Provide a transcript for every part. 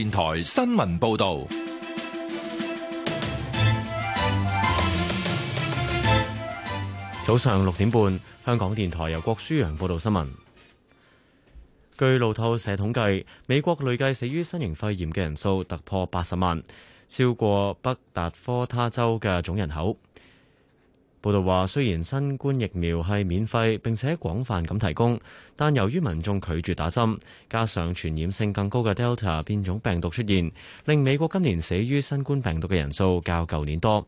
電台新聞報道，早上六點半，香港電台由郭舒揚報道新聞。據路透社統計，美國累計死於新型肺炎嘅人數突破八十萬，超過北達科他州嘅總人口。報道話，雖然新冠疫苗係免費並且廣泛咁提供，但由於民眾拒絕打針，加上傳染性更高嘅 Delta 變種病毒出現，令美國今年死於新冠病毒嘅人數較舊年多。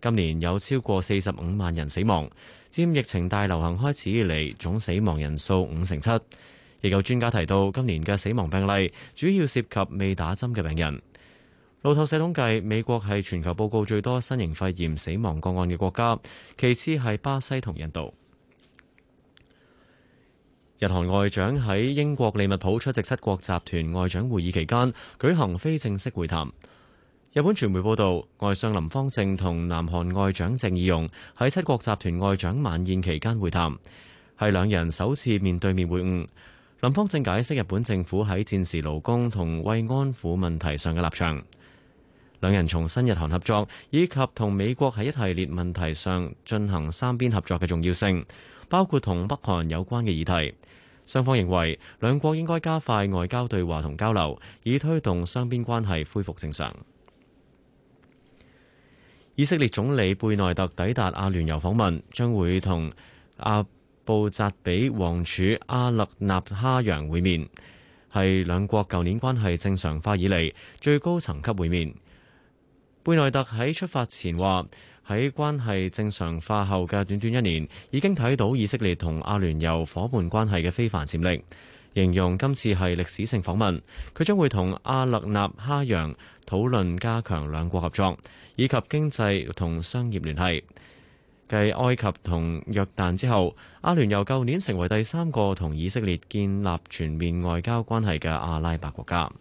今年有超過四十五萬人死亡，佔疫情大流行開始以嚟總死亡人數五成七。亦有專家提到，今年嘅死亡病例主要涉及未打針嘅病人。路透社統計，美國係全球報告最多新型肺炎死亡個案嘅國家，其次係巴西同印度。日韓外長喺英國利物浦出席七國集團外長會議期間舉行非正式會談。日本傳媒報道，外相林芳正同南韓外長鄭義容喺七國集團外長晚宴期間會談，係兩人首次面對面會晤。林芳正解釋日本政府喺戰時勞工同慰安婦問題上嘅立場。兩人重新日韓合作以及同美國喺一系列問題上進行三邊合作嘅重要性，包括同北韓有關嘅議題。雙方認為兩國應該加快外交對話同交流，以推動雙邊關係恢復正常。以色列總理貝內特抵達阿聯酋訪問，將會同阿布扎比王儲阿勒納哈揚會面，係兩國舊年關係正常化以嚟最高層級會面。貝內特喺出發前話：喺關係正常化後嘅短短一年，已經睇到以色列同阿聯酋夥伴關係嘅非凡潛力。形容今次係歷史性訪問，佢將會同阿勒納哈揚討論加強兩國合作，以及經濟同商業聯繫。繼埃及同約旦之後，阿聯酋舊年成為第三個同以色列建立全面外交關係嘅阿拉伯國家。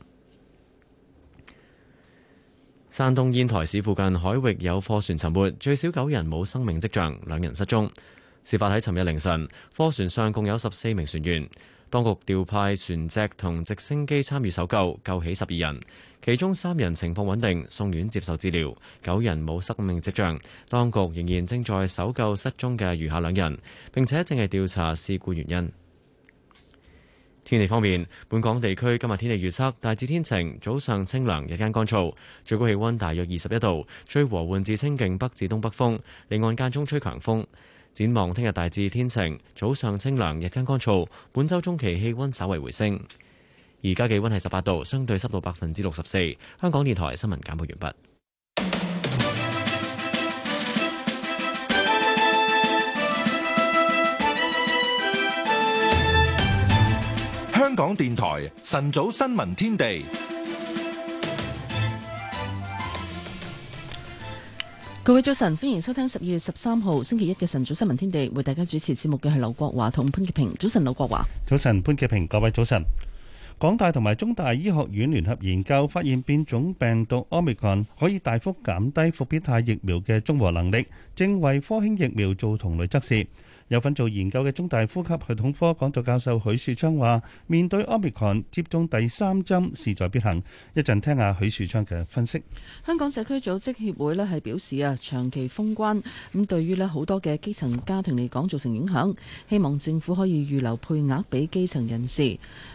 山東煙台市附近海域有貨船沉沒，最少九人冇生命跡象，兩人失蹤。事發喺尋日凌晨，貨船上共有十四名船員。當局調派船隻同直升機參與搜救，救起十二人，其中三人情況穩定，送院接受治療，九人冇生命跡象。當局仍然正在搜救失蹤嘅餘下兩人，並且正係調查事故原因。天氣方面，本港地區今日天氣預測，大致天晴，早上清涼，日間乾燥，最高氣温大約二十一度，吹和緩至清勁北至東北風，離岸間中吹強風。展望聽日大致天晴，早上清涼，日間乾燥，本周中期氣温稍為回升。而家氣温係十八度，相對濕度百分之六十四。香港電台新聞簡報完畢。香港電台晨早新聞天地，各位早晨，歡迎收聽十二月十三號星期一嘅晨早新聞天地，為大家主持節目嘅係劉國華同潘潔平。早晨，劉國華，早晨，潘潔平，各位早晨。港大同埋中大醫學院聯合研究發現，變種病毒 Omicron 可以大幅減低復必泰疫苗嘅中和能力，正為科興疫苗做同類測試。有份做研究嘅中大呼吸系統科講座教授許樹昌話，面對 Omicron 接種第三針勢在必行。一陣聽下許樹昌嘅分析。香港社區組織協會咧係表示啊，長期封關咁對於咧好多嘅基層家庭嚟講造成影響，希望政府可以預留配額俾基層人士。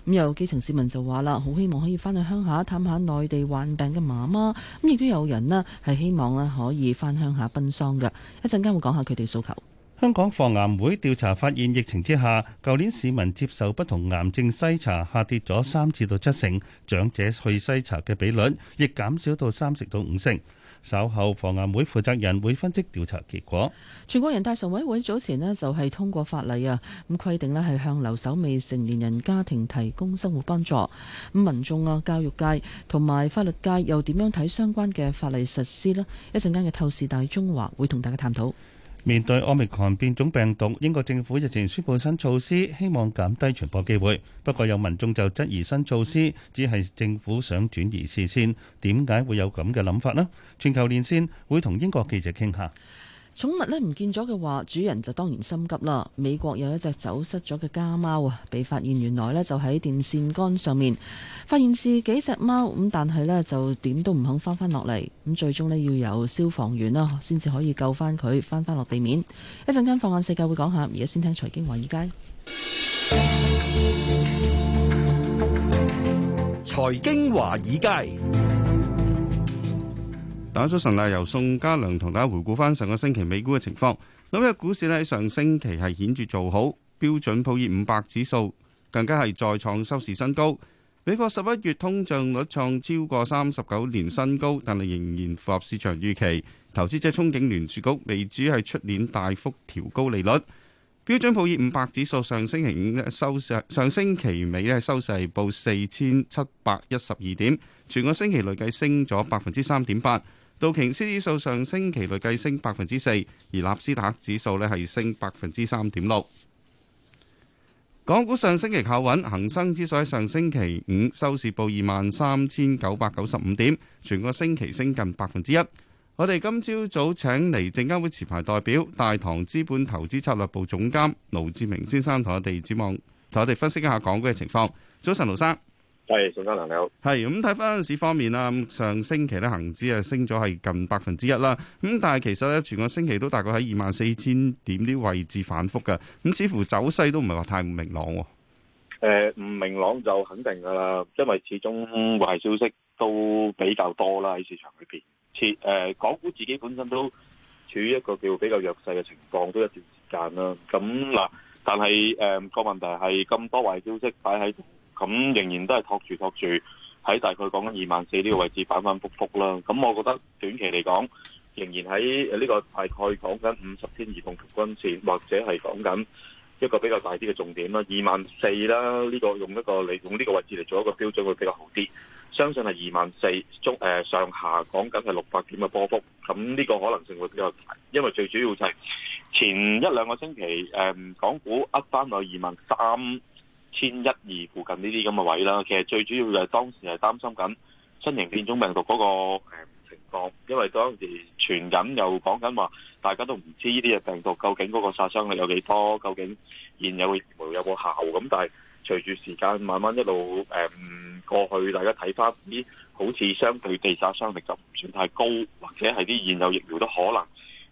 咁有基層市民就話啦，好希望可以翻去鄉下探下內地患病嘅媽媽。咁亦都有人咧係希望咧可以翻鄉下奔喪嘅。一陣間會講下佢哋訴求。香港防癌會調查發現，疫情之下，舊年市民接受不同癌症篩查下跌咗三至到七成，長者去篩查嘅比率亦減少到三成到五成。稍後防癌會負責人會分析調查結果。全國人大常委會早前呢就係通過法例啊，咁規定呢係向留守未成年人家庭提供生活幫助。咁民眾啊、教育界同埋法律界又點樣睇相關嘅法例實施呢？一陣間嘅透視大中華會同大家探討。面對奧密克戎變種病毒，英國政府日前宣布新措施，希望減低傳播機會。不過有民眾就質疑新措施只係政府想轉移視線，點解會有咁嘅諗法呢？全球連線會同英國記者傾下。寵物咧唔見咗嘅話，主人就當然心急啦。美國有一隻走失咗嘅家貓啊，被發現原來咧就喺電線桿上面，發現自己隻貓咁，但係咧就點都唔肯翻翻落嚟，咁最終咧要由消防員啦先至可以救翻佢翻翻落地面。一陣間放眼世界會講下，而家先聽財經華爾街。財經華爾街。大家早晨啦，由宋家良同大家回顧翻上個星期美股嘅情況。紐約股市呢，喺上星期係顯著做好，標準普爾五百指數更加係再創收市新高。美國十一月通脹率創超過三十九年新高，但係仍然符合市場預期。投資者憧憬聯儲局未止係出年大幅調高利率。標準普爾五百指數上星期五收上上星期尾咧收市，收市報四千七百一十二點，全個星期累計升咗百分之三點八。道瓊斯指數上星期累計升百分之四，而納斯達克指數呢係升百分之三點六。港股上星期靠穩，恒生指數喺上星期五收市報二萬三千九百九十五點，全個星期升近百分之一。我哋今朝早，早請嚟證監會持牌代表、大唐資本投資策略部總監盧志明先生同我哋展望，同我哋分析一下港股嘅情況。早晨，盧生。係，宋生南你好。係，咁睇翻市方面啦，上星期咧恒指啊升咗係近百分之一啦。咁但係其實咧，全個星期都大概喺二萬四千點啲位置反复噶。咁似乎走勢都唔係話太唔明朗。誒，唔明朗就肯定噶啦，因為始終壞消息都比較多啦，喺市場裡邊。似誒，港股自己本身都處於一個叫比較弱勢嘅情況，都一段時間啦。咁嗱，但係誒個問題係咁多壞消息擺喺。咁仍然都係托住托住，喺大概講緊二萬四呢個位置反反覆覆啦。咁我覺得短期嚟講，仍然喺呢個大概講緊五十天移動平均線，或者係講緊一個比較大啲嘅重點啦。二萬四啦，呢個用一個你用呢個位置嚟做一個標準會比較好啲。相信係二萬四中誒上下講緊係六百點嘅波幅。咁呢個可能性會比較大，因為最主要就係前一兩個星期誒港股凹翻到二萬三。千一二附近呢啲咁嘅位啦，其實最主要就係當時係擔心緊新型變種病毒嗰、個、嗯、情況，因為當時傳緊又講緊話大家都唔知呢啲嘅病毒究竟嗰個殺傷力有幾多，究竟現有疫苗有冇效咁。但係隨住時間慢慢一路誒、嗯、過去，大家睇翻啲好似相對地殺傷力就唔算太高，或者係啲現有疫苗都可能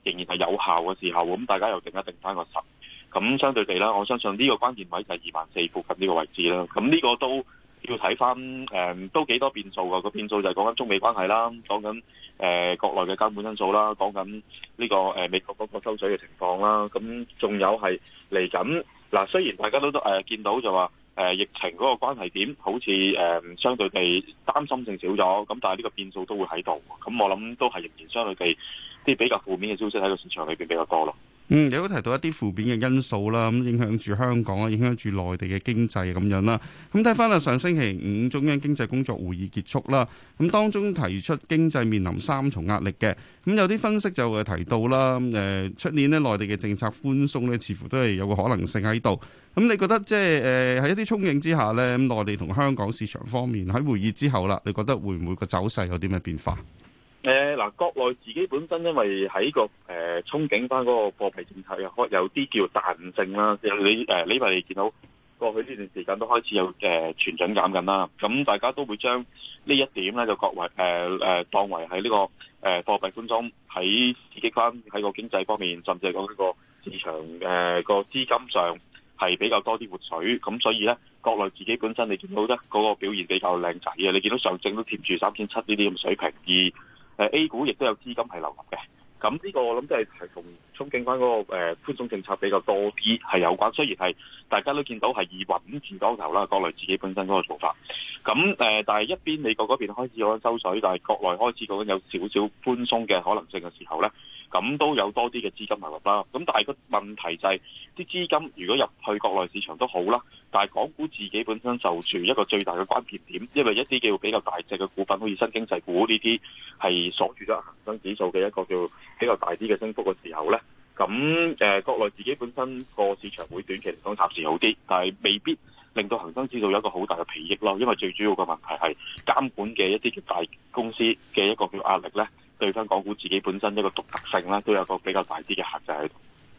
仍然係有效嘅時候，咁、嗯、大家又定一定翻個十。咁相對地啦，我相信呢個關鍵位就係二萬四附近呢個位置啦。咁呢個都要睇翻，誒、嗯、都幾多變數嘅。個變數就係講緊中美關係啦，講緊誒國內嘅監管因素啦，講緊呢個誒、呃、美國嗰個抽水嘅情況啦。咁仲有係嚟緊嗱，雖然大家都都誒、呃、見到就話誒、呃、疫情嗰個關係點好似誒、呃、相對地擔心性少咗，咁但係呢個變數都會喺度。咁我諗都係仍然相對地啲比較負面嘅消息喺個市場裏邊比較多咯。嗯，你都提到一啲負面嘅因素啦，咁影響住香港啊，影響住內地嘅經濟咁樣啦。咁睇翻啊，看看上星期五中央經濟工作會議結束啦，咁、嗯、當中提出經濟面臨三重壓力嘅，咁、嗯、有啲分析就會提到啦，咁、呃、出年呢內地嘅政策寬鬆呢，似乎都係有個可能性喺度。咁、嗯、你覺得即係誒喺一啲衝勁之下呢，咁內地同香港市場方面喺會議之後啦，你覺得會唔會個走勢有啲咩變化？誒，嗱，國內自己本身因為喺個誒憧憬翻嗰個貨幣政策又有啲叫彈性啦，即係，你誒，你話你見到過去呢段時間都開始有誒存、uh, 準減緊啦，咁大家都會將呢一點咧就各為誒誒、uh, 當為喺呢個誒貨幣寬鬆喺刺激翻喺個經濟方面，甚至係講呢個市場誒個資金上係比較多啲活水，咁所以咧，國內自己本身你見到得嗰、嗰個表現比較靚仔啊，你見到上證都貼住三千七呢啲咁水平，而誒 A 股亦都有資金係流入嘅，咁呢個我諗都係係同憧憬翻嗰個誒寬鬆政策比較多啲係有關，雖然係大家都到見到係以穩字當頭啦，國內自己本身嗰個做法。咁誒、呃，但係一邊美國嗰邊開始有收水，但係國內開始講有少少寬鬆嘅可能性嘅時候咧。咁都有多啲嘅資金流入啦，咁但係個問題就係、是、啲資金如果入去國內市場都好啦，但係港股自己本身受住一個最大嘅關鍵點，因為一啲叫比較大隻嘅股份，好似新經濟股呢啲係鎖住咗恒生指數嘅一個叫比較大啲嘅升幅嘅時候呢。咁誒、呃、國內自己本身個市場會短期嚟講暫時好啲，但係未必令到恒生指數有一個好大嘅裨益咯，因為最主要嘅問題係監管嘅一啲叫大公司嘅一個叫壓力呢。對翻，港股自己本身一個獨特性啦，都有個比較大啲嘅限制喺度。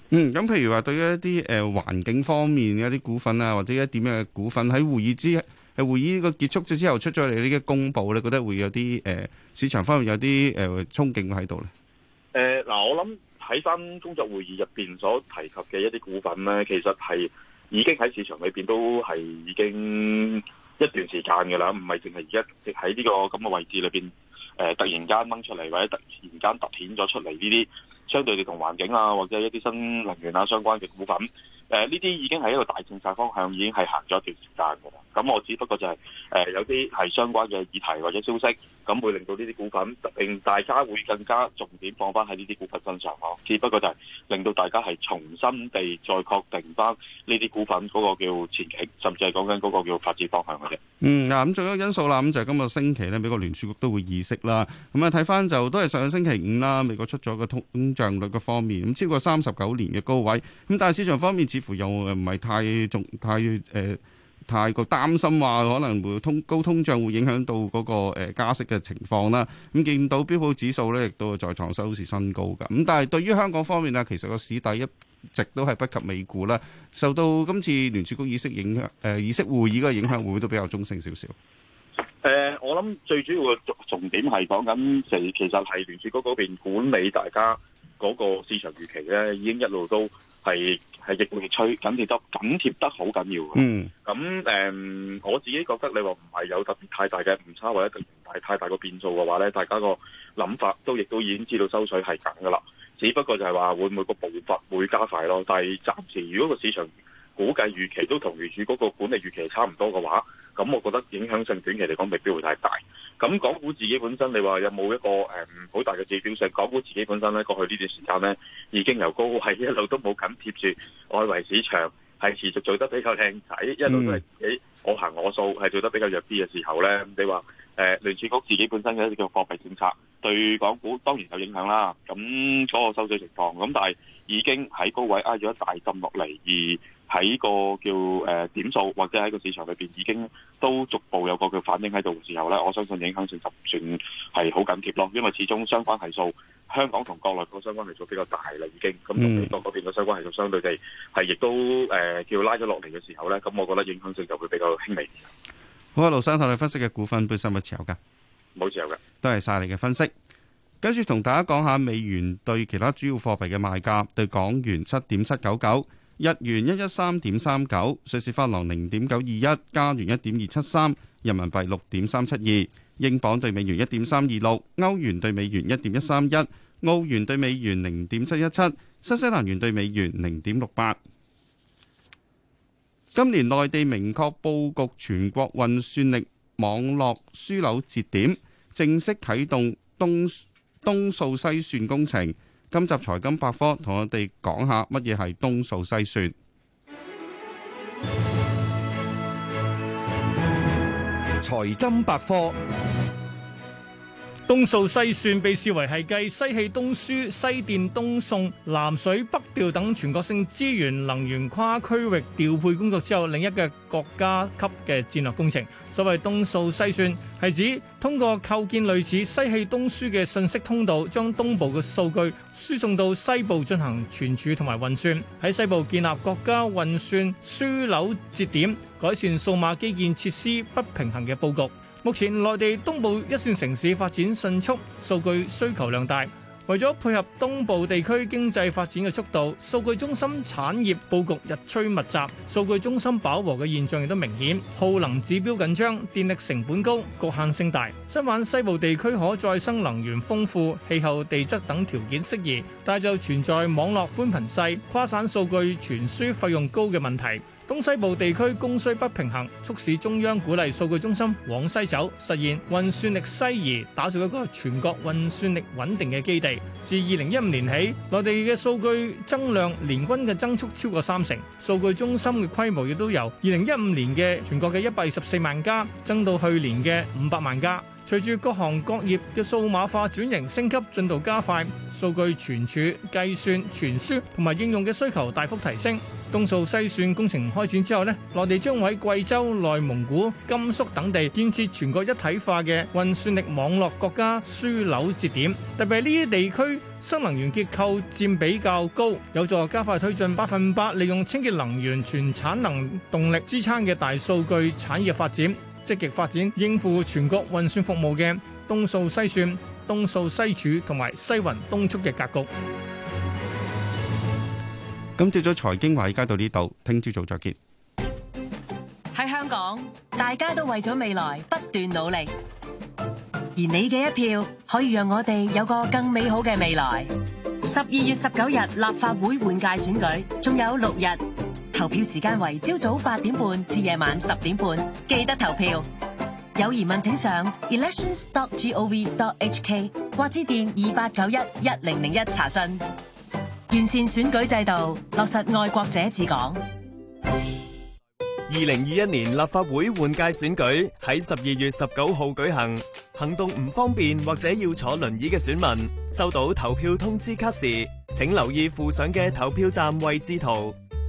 嗯，咁譬如話，對於一啲誒環境方面嘅一啲股份啊，或者一啲咩股份喺會議之喺會議個結束咗之後出咗嚟呢個公布咧，你覺得會有啲誒、呃、市場方面有啲誒、呃、憧憬喺度咧。誒，嗱，我諗喺翻工作會議入邊所提及嘅一啲股份咧，其實係已經喺市場裏邊都係已經。一段時間嘅啦，唔係淨係而家喺呢個咁嘅位置裏邊，誒、呃、突然間掹出嚟，或者突然間突顯咗出嚟呢啲相對地同環境啊，或者一啲新能源啊相關嘅股份，誒呢啲已經係一個大政策方向，已經係行咗一段時間嘅啦。咁我只不過就係、是、誒、呃、有啲係相關嘅議題或者消息。咁會令到呢啲股份，令大家會更加重點放翻喺呢啲股份身上，只不過就係令到大家係重新地再確定翻呢啲股份嗰個叫前景，甚至係講緊嗰個叫發展方向嘅啫、嗯。嗯，嗱，咁仲有一個因素啦，咁就係今個星期呢，美國聯儲局都會議息啦。咁、嗯、啊，睇翻就都係上個星期五啦，美國出咗個通脹率嘅方面，咁、嗯、超過三十九年嘅高位。咁、嗯、但係市場方面似乎又唔係太重太誒。呃太過擔心，話可能會通高通脹，會影響到嗰、那個誒、呃、加息嘅情況啦。咁見到標普指數咧，亦都再創收市新高噶。咁但係對於香港方面呢，其實個市底一直都係不及美股啦。受到今次聯儲局議息影響，誒議息會議嘅影響，會唔會都比較中性少少？誒、呃，我諗最主要嘅重點係講緊，其實係聯儲局嗰邊管理大家。嗰個市場預期咧，已經一路都係係逆風吹，緊貼得緊貼得好緊要嘅、mm.。嗯，咁誒，我自己覺得你話唔係有特別太大嘅誤差，或者唔係太大個變數嘅話咧，大家個諗法都亦都已經知道收水係緊嘅啦。只不過就係話會唔會個步伐會加快咯。但係暫時如果個市場估計預期都同原主嗰個管理預期差唔多嘅話，咁我覺得影響性短期嚟講未必會太大。咁港股自己本身，你話有冇一個誒好、嗯、大嘅指標性？港股自己本身咧，過去呢段時間咧，已經由高位一路都冇緊貼住外圍市場，係持續做得比較靚仔，一路都係誒我行我素，係做得比較弱啲嘅時候咧。你話誒、呃、聯儲局自己本身嘅一啲嘅貨幣政策對港股當然有影響啦。咁初步收水情況，咁但係已經喺高位挨咗一大浸落嚟而，喺個叫誒、呃、點數或者喺個市場裏邊已經都逐步有個叫反應喺度嘅時候咧，我相信影響性就唔算係好緊貼咯。因為始終相關係數香港同國內個相關係數比較大啦，已經咁同美國嗰邊個相關係數相對地係亦都誒、呃、叫拉咗落嚟嘅時候咧，咁我覺得影響性就會比較輕微啲。好，盧生，睇你分析嘅股份，本身冇持有噶？冇持有嘅，多謝晒你嘅分析。跟住同大家講下美元對其他主要貨幣嘅賣價，對港元七點七九九。日元一一三點三九，瑞士法郎零點九二一，加元一點二七三，人民幣六點三七二，英鎊兌美元一點三二六，歐元兌美元一點一三一，澳元兌美元零點七一七，新西蘭元兌美元零點六八。今年內地明確佈局全國運算力網絡樞紐節點，正式啟動東東數西算工程。今集財金百科同我哋講下乜嘢係東數西算？財金百科。東數西算被視為係繼西氣東輸、西電東送、南水北調等全國性資源能源跨區域調配工作之後，另一個國家級嘅戰略工程。所謂東數西算，係指通過構建類似西氣東輸嘅信息通道，將東部嘅數據輸送到西部進行存儲同埋運算，喺西部建立國家運算樞紐節點，改善數碼基建設施不平衡嘅佈局。目前，內地東部一線城市發展迅速，數據需求量大。為咗配合東部地區經濟發展嘅速度，數據中心產業佈局日趨密集，數據中心飽和嘅現象亦都明顯，耗能指標緊張，電力成本高，局限性大。相反，西部地區可再生能源豐富，氣候、地質等條件適宜，但就存在網絡寬頻細、跨省數據傳輸費用高嘅問題。東西部地區供需不平衡，促使中央鼓勵數據中心往西走，實現運算力西移，打造一個全國運算力穩定嘅基地。自二零一五年起，內地嘅數據增量年均嘅增速超過三成，數據中心嘅規模亦都由二零一五年嘅全國嘅一百二十四萬家，增到去年嘅五百萬家。隨住各行各業嘅數碼化轉型升級進度加快，數據存儲、計算、傳輸同埋應用嘅需求大幅提升，東數西算工程開展之後咧，內地將會喺貴州、內蒙古、甘肅等地建設全國一體化嘅運算力網絡國家樞紐節點，特別呢啲地區，新能源結構佔比較高，有助加快推進百分百利用清潔能源全產能動力支撐嘅大數據產業發展。積極發展應付全國運算服務嘅東數西算、東數西儲同埋西雲東促嘅格局。咁朝早財經話，而家到呢度，聽朝早再見。喺香港，大家都為咗未來不斷努力，而你嘅一票可以讓我哋有個更美好嘅未來。十二月十九日立法會換屆選舉，仲有六日。投票時間為朝早八點半至夜晚十點半，記得投票。有疑問，請上 elections.gov.hk o 或致電二八九一一零零一查詢。完善選舉制度，落實愛國者治港。二零二一年立法會換屆選舉喺十二月十九號舉行。行動唔方便或者要坐輪椅嘅選民收到投票通知卡時，請留意附上嘅投票站位置圖。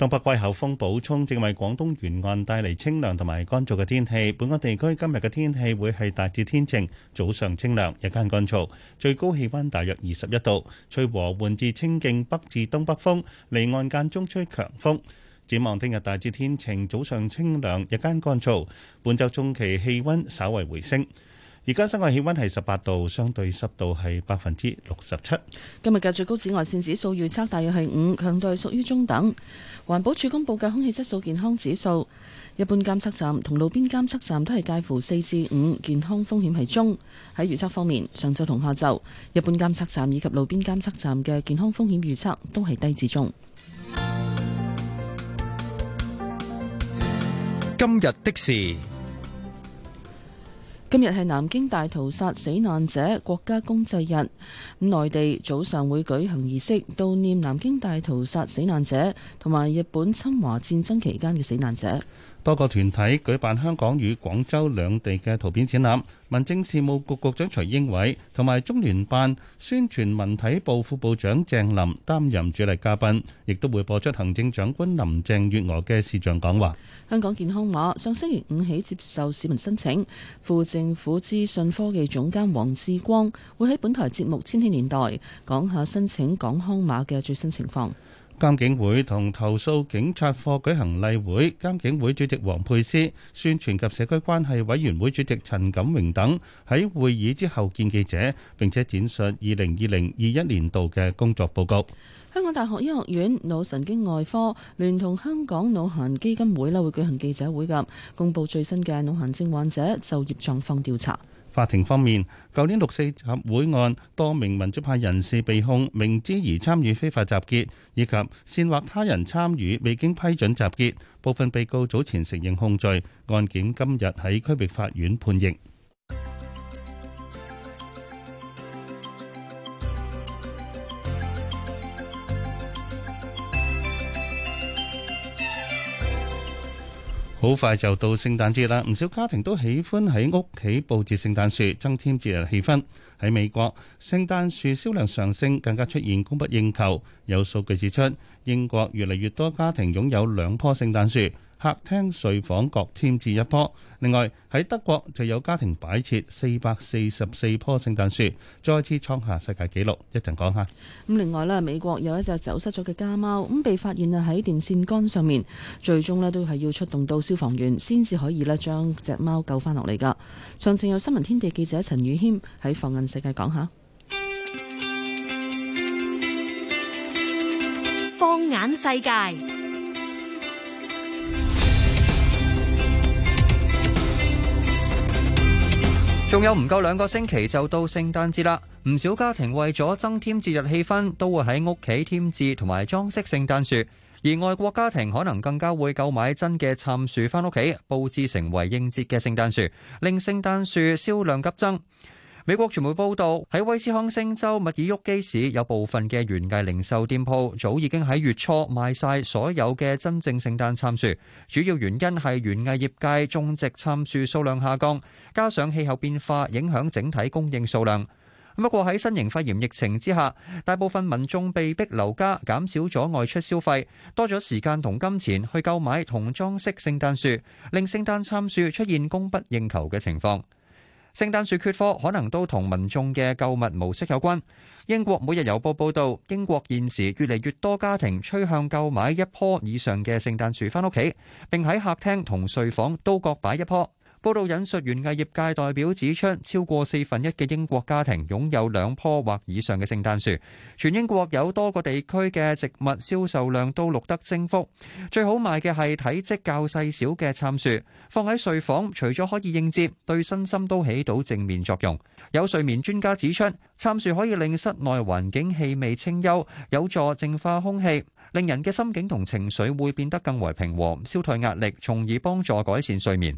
東北季候風補充，正為廣東沿岸帶嚟清涼同埋乾燥嘅天氣。本港地區今日嘅天氣會係大致天晴，早上清涼，日間乾燥，最高氣溫大約二十一度，吹和緩至清勁北至東北風，離岸間中吹強風。展望聽日大致天晴，早上清涼，日間乾燥，本周中期氣溫稍為回升。而家室外氣溫係十八度，相對濕度係百分之六十七。今日嘅最高紫外線指數預測大約係五，強度屬於中等。環保署公布嘅空氣質素健康指數，一般監測站同路邊監測站都係介乎四至五，健康風險係中。喺預測方面，上晝同下晝一般監測站以及路邊監測站嘅健康風險預測都係低至中。今日的事。今日係南京大屠殺死難者國家公祭日，咁內地早上會舉行儀式悼念南京大屠殺死難者同埋日本侵華戰爭期間嘅死難者。多個團體舉辦香港與廣州兩地嘅圖片展覽。民政事務局局長徐英偉同埋中聯辦宣傳文體部副部長鄭林擔任主禮嘉賓，亦都會播出行政長官林鄭月娥嘅視像講話。香港健康碼上星期五起接受市民申請。副政府資訊科技總監黃志光會喺本台節目《千禧年代》講下申請港康碼嘅最新情況。監警會同投訴警察課，舉行例會，監警會主席黃佩斯、宣傳及社區關係委員會主席陳錦榮等喺會議之後見記者，並且展述二零二零二一年度嘅工作報告。香港大學醫學院腦神經外科聯同香港腦癇基金會啦，會舉行記者會噶，公布最新嘅腦癇症患者就業狀況調查。法庭方面，舊年六四集會案多名民主派人士被控明知而參與非法集結，以及煽惑他人參與未經批准集結，部分被告早前承認控罪，案件今日喺區域法院判刑。好快就到聖誕節啦，唔少家庭都喜歡喺屋企佈置聖誕樹，增添節日氣氛。喺美國，聖誕樹銷量上升，更加出現供不應求。有數據指出，英國越嚟越多家庭擁有兩棵聖誕樹。客廳、睡房各添置一樖。另外喺德國就有家庭擺設四百四十四棵聖誕樹，再次創下世界紀錄。一陣講下。咁另外咧，美國有一隻走失咗嘅家貓，咁被發現啊喺電線桿上面，最終咧都係要出動到消防員先至可以咧將隻貓救翻落嚟噶。詳情有新聞天地記者陳宇謙喺放眼世界講下。放眼世界。仲有唔夠兩個星期就到聖誕節啦，唔少家庭為咗增添節日氣氛，都會喺屋企添置同埋裝飾聖誕樹，而外國家庭可能更加會購買真嘅杉樹返屋企布置，成為應節嘅聖誕樹，令聖誕樹銷量急增。美國傳媒報道，喺威斯康星州密爾沃基市有部分嘅園藝零售店鋪早已經喺月初賣晒所有嘅真正聖誕杉樹，主要原因係園藝業界種植杉樹數量下降，加上氣候變化影響整體供應數量。咁不過喺新型肺炎疫情之下，大部分民眾被逼留家，減少咗外出消費，多咗時間同金錢去購買同裝飾聖誕樹，令聖誕杉樹出現供不應求嘅情況。聖誕樹缺貨，可能都同民眾嘅購物模式有關。英國每日郵報報導，英國現時越嚟越多家庭趨向購買一棵以上嘅聖誕樹返屋企，並喺客廳同睡房都各擺一棵。報道引述園藝業界代表指出，超過四分一嘅英國家庭擁有兩棵或以上嘅聖誕樹。全英國有多個地區嘅植物銷售量都錄得升幅。最好賣嘅係體積較細小嘅杉樹，放喺睡房，除咗可以應接，對身心都起到正面作用。有睡眠專家指出，杉樹可以令室內環境氣味清幽，有助淨化空氣，令人嘅心境同情緒會變得更為平和，消退壓力，從而幫助改善睡眠。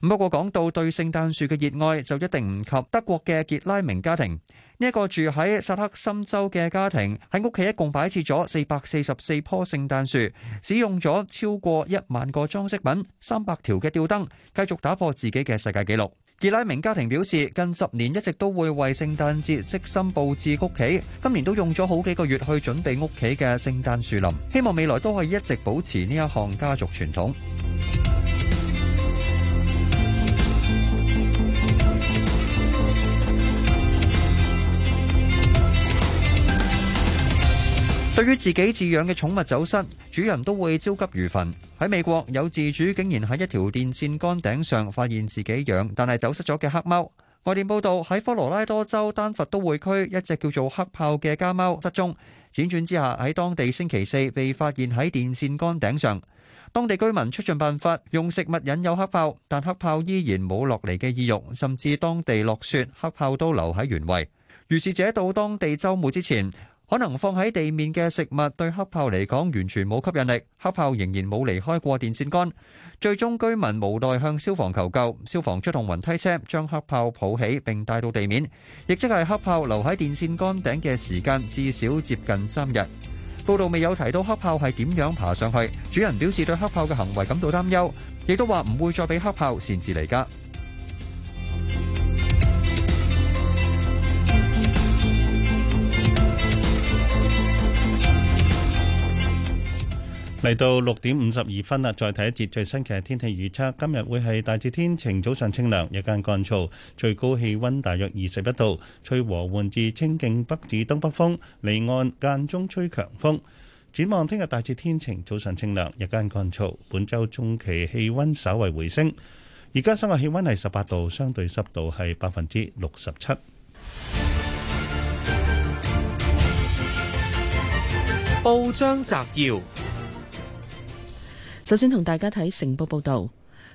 不過講到對聖誕樹嘅熱愛，就一定唔及德國嘅傑拉明家庭。呢一個住喺薩克森州嘅家庭喺屋企一共擺設咗四百四十四棵聖誕樹，使用咗超過一萬個裝飾品、三百條嘅吊燈，繼續打破自己嘅世界紀錄。傑拉明家庭表示，近十年一直都會為聖誕節悉心佈置屋企，今年都用咗好幾個月去準備屋企嘅聖誕樹林，希望未來都可以一直保持呢一項家族傳統。對於自己飼養嘅寵物走失，主人都會焦急如焚。喺美國，有自主竟然喺一條電線杆頂上發現自己養但係走失咗嘅黑貓。外電報道喺科羅拉多州丹佛都會區，一隻叫做黑豹嘅家貓失蹤，輾轉之下喺當地星期四被發現喺電線杆頂上。當地居民出盡辦法用食物引誘黑豹，但黑豹依然冇落嚟嘅意欲，甚至當地落雪，黑豹都留喺原位。如是者到當地週末之前。可能放喺地面嘅食物對黑豹嚟講完全冇吸引力，黑豹仍然冇離開過電線杆。最終居民無奈向消防求救，消防出動雲梯車將黑豹抱起並帶到地面。亦即係黑豹留喺電線杆頂嘅時間至少接近三日。報道未有提到黑豹係點樣爬上去。主人表示對黑豹嘅行為感到擔憂，亦都話唔會再俾黑豹擅自離家。嚟到六點五十二分啦，再睇一節最新嘅天氣預測。今日會係大致天晴，早上清涼，日間乾燥，最高氣温大約二十一度，吹和緩至清勁北至東北風，離岸間中吹強風。展望聽日大致天晴，早上清涼，日間乾燥。本周中期氣温稍為回升，而家室外氣温係十八度，相對濕度係百分之六十七。報章摘要。首先同大家睇成報報道，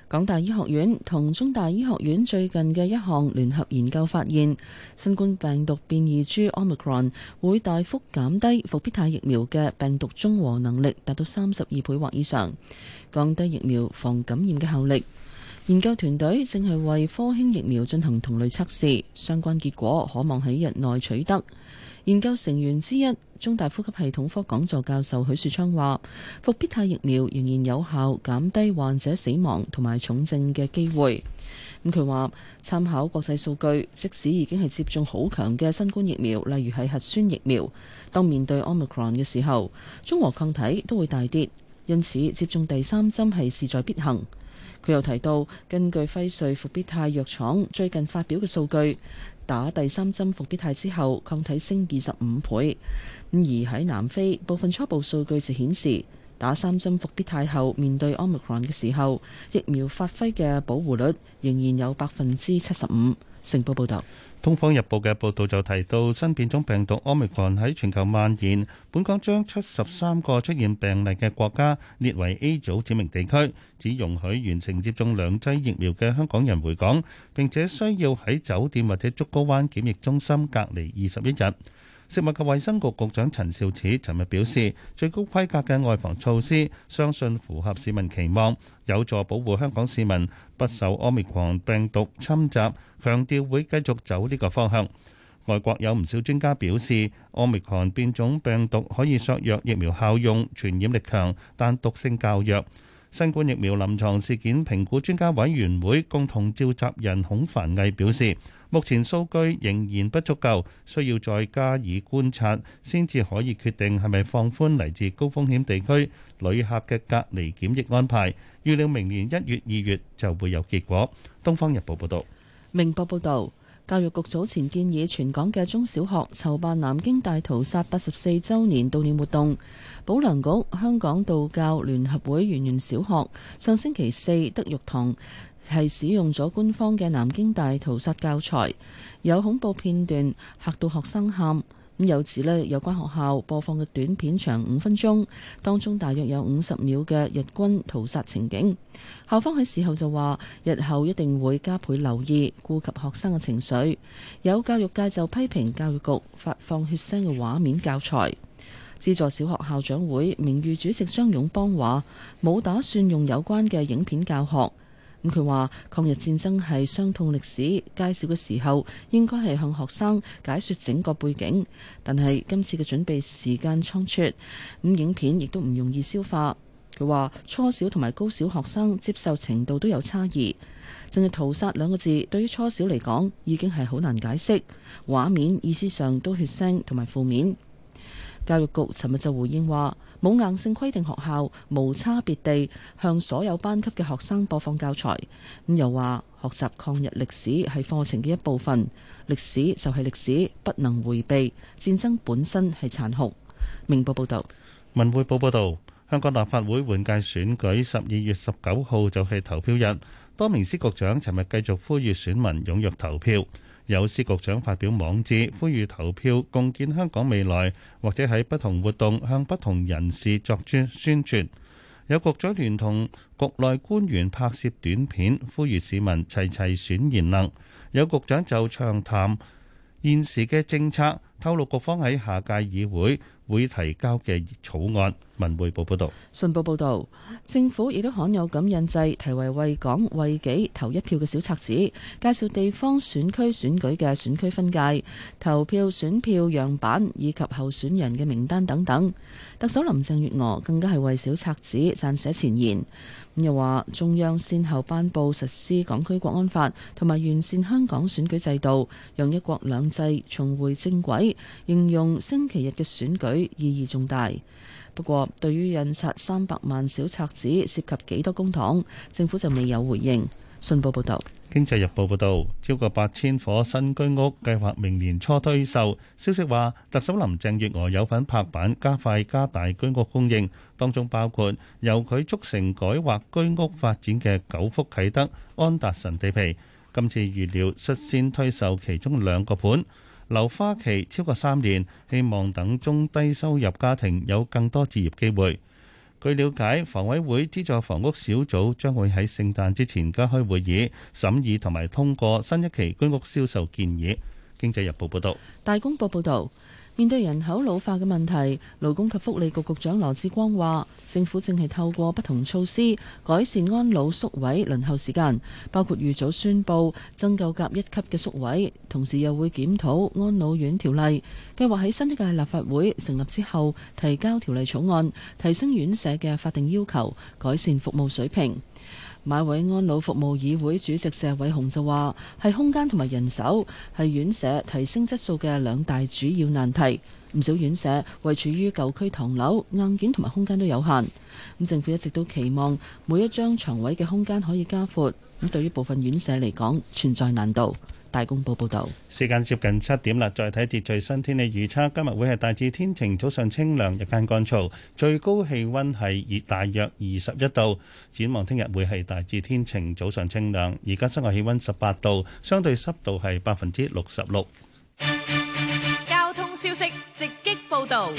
港大醫學院同中大醫學院最近嘅一項聯合研究發現，新冠病毒變異株 Omicron 會大幅減低復必泰疫苗嘅病毒中和能力，達到三十二倍或以上，降低疫苗防感染嘅效力。研究團隊正係為科興疫苗進行同類測試，相關結果可望喺日內取得。研究成員之一，中大呼吸系統科講座教授許樹昌話：復必泰疫苗仍然有效，減低患者死亡同埋重症嘅機會。咁佢話，參考國際數據，即使已經係接種好強嘅新冠疫苗，例如係核酸疫苗，當面對 Omicron 嘅時候，中和抗體都會大跌。因此，接種第三針係事在必行。佢又提到，根據輝瑞復必泰藥,藥廠最近發表嘅數據。打第三針復必泰之後，抗體升二十五倍。而喺南非，部分初步數據就顯示打三針復必泰後，面對 Omicron 嘅時候，疫苗發揮嘅保護率仍然有百分之七十五。成報報道。《東方日報》嘅報導就提到，新變種病毒 Omicron 喺全球蔓延，本港將七十三個出現病例嘅國家列為 A 組指明地區，只容許完成接種兩劑疫苗嘅香港人回港，並且需要喺酒店或者竹篙灣檢疫中心隔離二十一日。食物及衛生局局長陳肇始尋日表示，最高規格嘅外防措施相信符合市民期望，有助保護香港市民不受奧密克戎病毒侵襲，強調會繼續走呢個方向。外國有唔少專家表示，奧密克戎變種病毒可以削弱疫苗效用，傳染力強，但毒性較弱。新冠疫苗臨床事件評估專家委員會共同召集人孔凡毅表示，目前數據仍然不足夠，需要再加以觀察，先至可以決定係咪放寬嚟自高風險地區旅客嘅隔離檢疫安排。預料明年一月、二月就會有結果。《東方日報》報道，明報報道。教育局早前建議全港嘅中小學籌辦南京大屠殺八十四週年悼念活動。保良局香港道教聯合會圓圓小學上星期四德育堂係使用咗官方嘅南京大屠殺教材，有恐怖片段嚇到學生喊。咁有指呢，有關學校播放嘅短片長五分鐘，當中大約有五十秒嘅日軍屠殺情景。校方喺事後就話，日後一定會加倍留意顧及學生嘅情緒。有教育界就批評教育局發放血腥嘅畫面教材。資助小學校長會名譽主席張勇邦話：冇打算用有關嘅影片教學。咁佢話抗日戰爭係傷痛歷史，介紹嘅時候應該係向學生解説整個背景。但係今次嘅準備時間倉促，咁影片亦都唔容易消化。佢話初小同埋高小學生接受程度都有差異，淨係屠殺兩個字對於初小嚟講已經係好難解釋，畫面意思上都血腥同埋負面。教育局尋日就回應話，冇硬性規定，學校無差別地向所有班級嘅學生播放教材。咁又話學習抗日歷史係課程嘅一部分，歷史就係歷史，不能迴避。戰爭本身係殘酷。明報報道。文匯報報道，香港立法會換屆選舉十二月十九號就係投票日，多名司局長尋日繼續呼籲選民踴躍投票。有司局長發表網誌呼籲投票，共建香港未來，或者喺不同活動向不同人士作出宣傳。有局長聯同局內官員拍攝短片呼籲市民齊齊選賢能。有局長就暢談。現時嘅政策透露，各方喺下屆議會會提交嘅草案。文匯報報道，信報報道，政府亦都罕有咁印製，題為「為港為己投一票」嘅小冊子，介紹地方選區選舉嘅選區分界、投票選票樣板以及候選人嘅名單等等。特首林鄭月娥更加係為小冊子撰寫前言。又話中央先後頒布實施港區國安法同埋完善香港選舉制度，讓一國兩制重回正軌，形容星期日嘅選舉意義重大。不過，對於印刷三百萬小冊子涉及幾多公帑，政府就未有回應。信報報道。經濟日報報導，超過八千伙新居屋計劃明年初推售。消息話，特首林鄭月娥有份拍板加快加大居屋供應，當中包括由佢促成改劃居屋發展嘅九福啟德、安達臣地皮。今次預料率先推售其中兩個盤，留花期超過三年，希望等中低收入家庭有更多置業機會。據了解，房委會資助房屋小組將會喺聖誕之前加開會議，審議同埋通過新一期居屋銷售建議。經濟日報報道，大公報報道。面對人口老化嘅問題，勞工及福利局局長羅致光話：政府正係透過不同措施改善安老宿位輪候時間，包括預早宣布增購甲一級嘅宿位，同時又會檢討安老院條例，計劃喺新一屆立法會成立之後提交條例草案，提升院舍嘅法定要求，改善服務水平。馬偉安老服務議會主席謝偉雄就話，係空間同埋人手，係院舍提升質素嘅兩大主要難題。唔少院舍位處於舊區唐樓，硬件同埋空間都有限。咁政府一直都期望每一張床位嘅空間可以加闊，咁對於部分院舍嚟講，存在難度。大公報報道，時間接近七點啦。再睇睇最新天氣預測，今日會係大致天晴，早上清涼，日間乾燥，最高氣溫係二大約二十一度。展望聽日會係大致天晴，早上清涼。而家室外氣溫十八度，相對濕度係百分之六十六。交通消息直擊報道。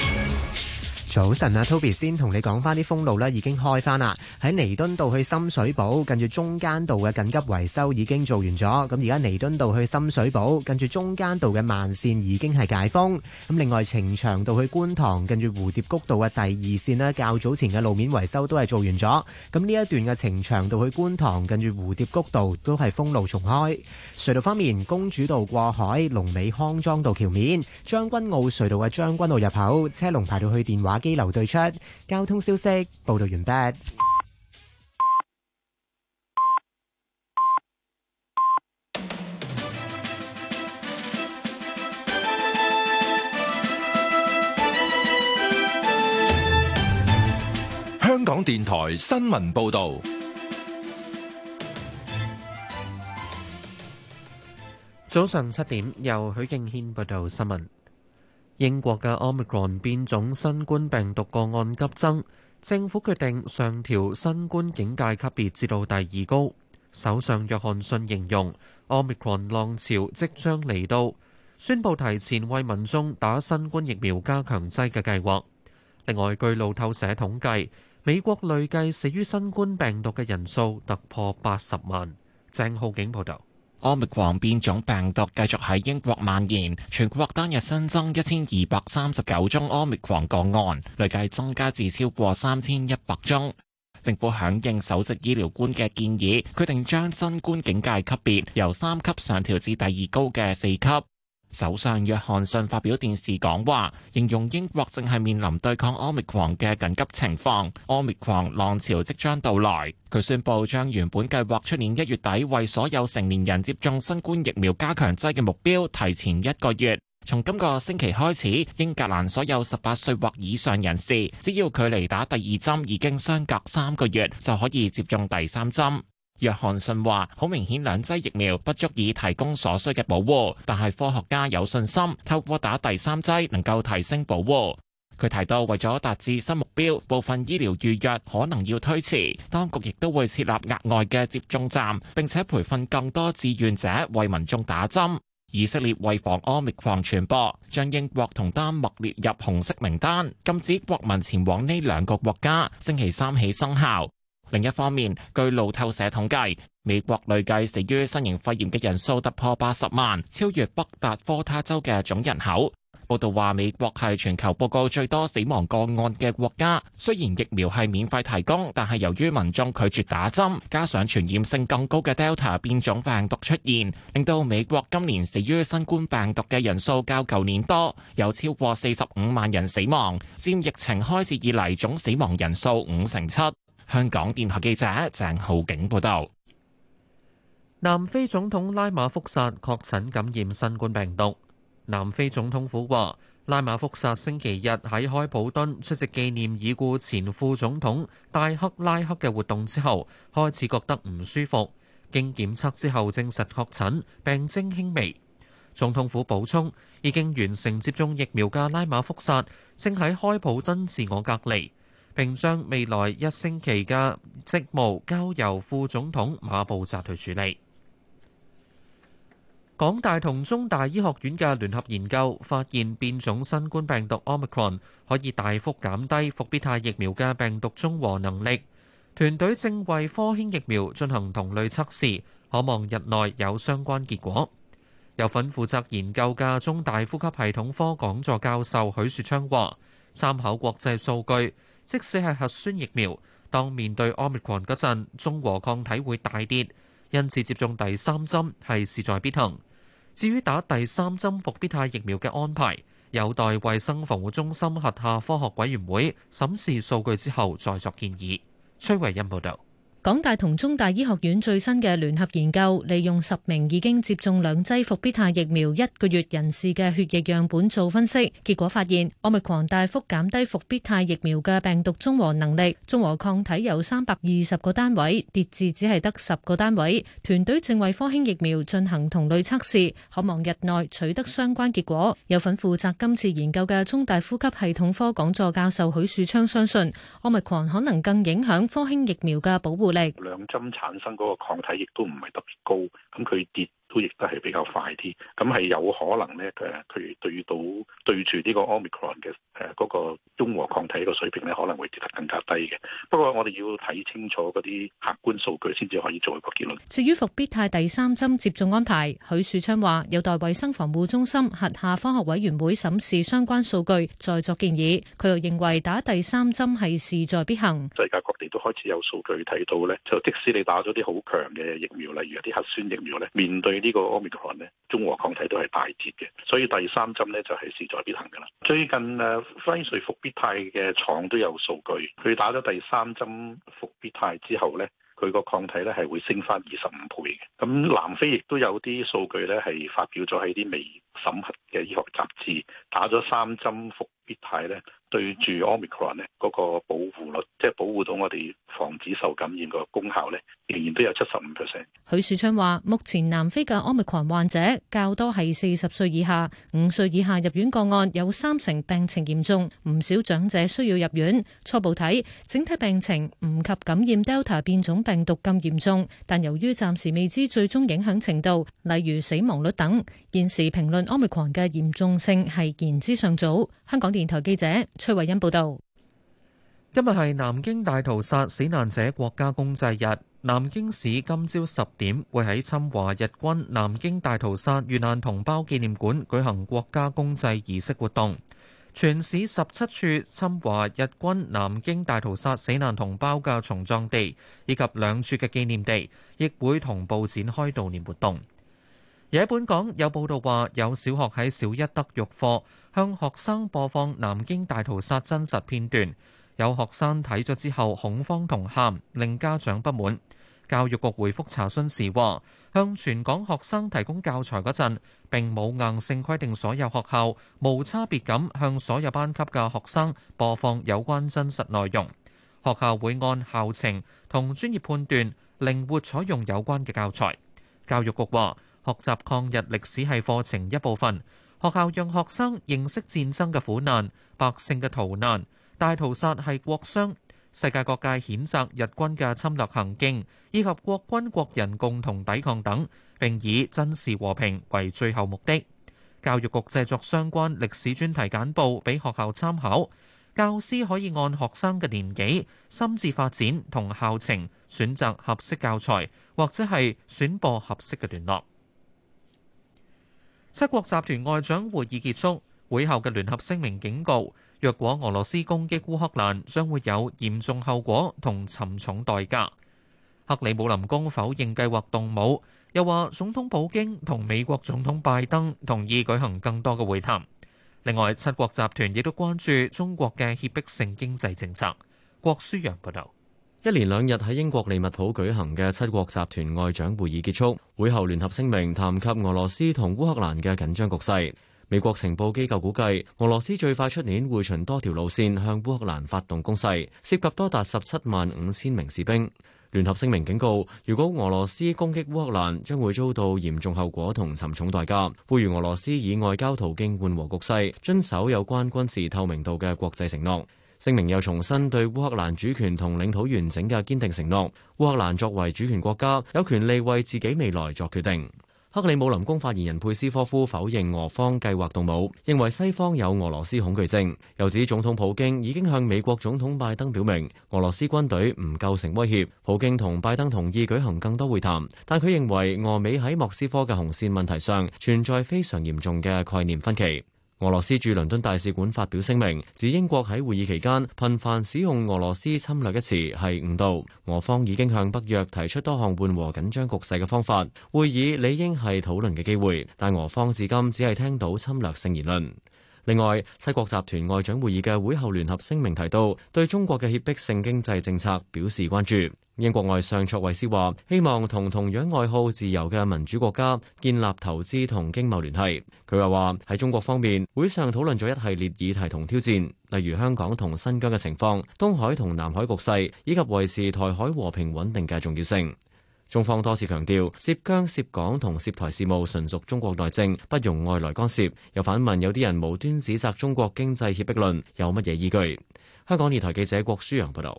早晨啊，Toby 先同你講翻啲封路咧，已經開翻啦。喺彌敦道去深水埗，近住中間道嘅緊急維修已經做完咗。咁而家彌敦道去深水埗，近住中間道嘅慢綫已經係解封。咁另外，呈祥道去觀塘，近住蝴蝶谷道嘅第二綫呢，較早前嘅路面維修都係做完咗。咁呢一段嘅呈祥道去觀塘，近住蝴蝶谷道都係封路重開。隧道方面，公主道過海、龍尾康莊道橋面、將軍澳隧道嘅將軍澳入口，車龍排到去電話。機流對出，交通消息報道完畢。香港電台新聞報道，早上七點，由許敬軒報道新聞。英國嘅 Omicron 變種新冠病毒個案急增，政府決定上調新冠警戒級別至到第二高。首相約翰遜形容 o m i c r o n 浪潮即將嚟到，宣布提前為民眾打新冠疫苗加強劑嘅計劃。另外，據路透社統計，美國累計死於新冠病毒嘅人數突破八十萬。鄭浩景報道。Omicron 變種病毒繼續喺英國蔓延，全國單日新增一千二百三十九宗 Omicron 個案，累計增加至超過三千一百宗。政府響應首席醫療官嘅建議，決定將新冠警戒級別由三級上調至第二高嘅四級。首相約翰遜發表電視講話，形容英國正係面臨對抗 Omicron 嘅緊急情況，Omicron 浪潮即將到來。佢宣布將原本計劃出年一月底為所有成年人接種新冠疫苗加強劑嘅目標提前一個月，從今個星期開始，英格蘭所有十八歲或以上人士，只要距離打第二針已經相隔三個月，就可以接種第三針。約翰遜話，好明顯兩劑疫苗不足以提供所需嘅保護，但係科學家有信心透過打第三劑能夠提升保護。佢提到為咗達至新目標，部分醫療預約可能要推遲，當局亦都會設立額外嘅接種站，並且培訓更多志願者為民眾打針。以色列為防奧密克戎傳播，將英國同丹麥列入紅色名單，禁止國民前往呢兩個國家。星期三起生效。另一方面，據路透社統計，美國累計死於新型肺炎嘅人數突破八十萬，超越北達科他州嘅總人口。報道話，美國係全球報告最多死亡個案嘅國家。雖然疫苗係免費提供，但係由於民眾拒絕打針，加上傳染性更高嘅 Delta 變種病毒出現，令到美國今年死於新冠病毒嘅人數較舊年多，有超過四十五萬人死亡，佔疫情開始以嚟總死亡人數五成七。香港電台記者鄭浩景報道：南非總統拉馬福薩確診感染新冠病毒。南非總統府話，拉馬福薩星期日喺開普敦出席紀念已故前副總統戴克拉克嘅活動之後，開始覺得唔舒服，經檢測之後證實確診，病徵輕微。總統府補充，已經完成接種疫苗嘅拉馬福薩正喺開普敦自我隔離，並將未來一星期嘅職務交由副總統馬布扎去處理。港大同中大醫學院嘅聯合研究發現，變種新冠病毒 Omicron 可以大幅減低復必泰疫苗嘅病毒中和能力。團隊正為科興疫苗進行同類測試，可望日內有相關結果。有份負責研究嘅中大呼吸系統科講座教授許雪昌話：參考國際數據。即使係核酸疫苗，當面對 Omicron 嗰陣，中和抗體會大跌，因此接種第三針係勢在必行。至於打第三針復必泰疫苗嘅安排，有待衞生防護中心核下科學委員會審視數據之後再作建議。崔慧恩報道。港大同中大醫學院最新嘅聯合研究，利用十名已經接種兩劑復必泰疫苗一個月人士嘅血液樣本做分析，結果發現奧密狂大幅減低復必泰疫苗嘅病毒中和能力，中和抗體有三百二十個單位，跌至只係得十個單位。團隊正為科興疫苗進行同類測試，可望日內取得相關結果。有份負責今次研究嘅中大呼吸系統科講座教授許樹昌相信，奧密狂可能更影響科興疫苗嘅保護。兩針產生嗰個抗體亦都唔係特別高，咁佢跌， 都亦都係比較快啲，咁係有可能咧，誒，佢對到對住呢個 Omicron 嘅誒個中和抗體個水平咧，可能會跌得更加低嘅。不過我哋要睇清楚嗰啲客觀數據先至可以做一個結論。至於復必泰第三針接種安排，許樹昌話有待衛生防護中心轄下科學委員會審視相關數據再作建議，佢又認為打第三針係勢在必行。世界各地都開始有數據睇到咧，就即使你打咗啲好強嘅疫苗，例如一啲核酸疫苗咧，面對個呢個 Omicron 咧，中和抗體都係大跌嘅，所以第三針咧就係、是、事在必行嘅啦。最近誒輝瑞復必泰嘅廠都有數據，佢打咗第三針復必泰之後咧，佢個抗體咧係會升翻二十五倍嘅。咁南非亦都有啲數據咧係發表咗喺啲未審核嘅醫學雜誌，打咗三針復必泰咧，對住 Omicron 咧嗰個保護率，即係保護到我哋防止受感染個功效咧。仍然都有七十五 percent。許樹昌話，目前南非嘅 Omicron 患者較多係四十歲以下，五歲以下入院個案有三成病情嚴重，唔少長者需要入院。初步睇整體病情唔及感染 Delta 變種病毒咁嚴重，但由於暫時未知最終影響程度，例如死亡率等，現時評論 Omicron 嘅嚴重性係言之尚早。香港電台記者崔慧欣報道。今日係南京大屠殺死難者國家公祭日。南京市今朝十點會喺侵華日軍南京大屠殺遇難同胞紀念館舉行國家公祭儀式活動。全市十七處侵華日軍南京大屠殺死難同胞嘅叢葬地以及兩處嘅紀念地，亦會同步展開悼念活動。而喺本港有報道話有小學喺小一德育課向學生播放南京大屠殺真實片段。有學生睇咗之後恐慌同喊，令家長不滿。教育局回覆查詢時話：向全港學生提供教材嗰陣並冇硬性規定所有學校，無差別咁向所有班級嘅學生播放有關真實內容。學校會按校情同專業判斷，靈活採用有關嘅教材。教育局話：學習抗日歷史係課程一部分，學校讓學生認識戰爭嘅苦難、百姓嘅逃難。大屠殺係國殤、世界各界譴責日軍嘅侵略行徑，以及國軍國人共同抵抗等，並以真實和平為最後目的。教育局製作相關歷史專題簡報俾學校參考，教師可以按學生嘅年紀、心智發展同校情選擇合適教材，或者係選播合適嘅段落。七國集團外長會議結束，會後嘅聯合聲明警告。若果俄羅斯攻擊烏克蘭，將會有嚴重後果同沉重代價。克里姆林宮否認計劃動武，又話總統普京同美國總統拜登同意舉行更多嘅會談。另外，七國集團亦都關注中國嘅脅迫性經濟政策。郭舒揚報導，一連兩日喺英國利物浦舉行嘅七國集團外長會議結束，會後聯合聲明談及俄羅斯同烏克蘭嘅緊張局勢。美國情報機構估計，俄羅斯最快出年會循多條路線向烏克蘭發動攻勢，涉及多達十七萬五千名士兵。聯合聲明警告，如果俄羅斯攻擊烏克蘭，將會遭到嚴重後果同沉重代價。呼籲俄羅斯以外交途徑緩和局勢，遵守有關軍事透明度嘅國際承諾。聲明又重申對烏克蘭主權同領土完整嘅堅定承諾。烏克蘭作為主權國家，有權利為自己未來作決定。克里姆林宮發言人佩斯科夫否認俄方計劃動武，認為西方有俄羅斯恐懼症。又指總統普京已經向美國總統拜登表明，俄羅斯軍隊唔構成威脅。普京同拜登同意舉行更多會談，但佢認為俄美喺莫斯科嘅紅綫問題上存在非常嚴重嘅概念分歧。俄羅斯駐倫敦大使館發表聲明，指英國喺會議期間頻繁使用“俄羅斯侵略”一詞係誤導。俄方已經向北約提出多項緩和緊張局勢嘅方法，會議理應係討論嘅機會，但俄方至今只係聽到侵略性言論。另外，七國集團外長會議嘅會後聯合聲明提到，對中國嘅脅迫性經濟政策表示關注。英國外相卓慧思話：希望同同樣愛好自由嘅民主國家建立投資同經貿聯繫。佢又話喺中國方面，會上討論咗一系列議題同挑戰，例如香港同新疆嘅情況、東海同南海局勢，以及維持台海和平穩定嘅重要性。中方多次強調，涉疆、涉港同涉台事務純屬中國內政，不容外來干涉。又反問有啲人無端指責中國經濟脅迫論，有乜嘢依據？香港電台記者郭舒揚報道。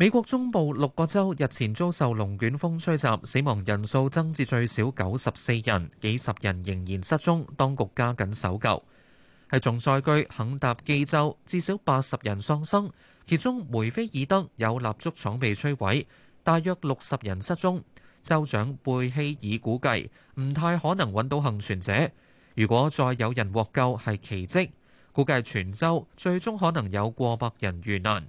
美國中部六個州日前遭受龍捲風吹襲，死亡人數增至最少九十四人，幾十人仍然失蹤，當局加緊搜救。喺重災區肯達基州，至少八十人喪生，其中梅菲爾德有蠟燭廠被摧毀，大約六十人失蹤。州長貝希爾估計唔太可能揾到幸存者，如果再有人獲救係奇蹟。估計全州最終可能有過百人遇難。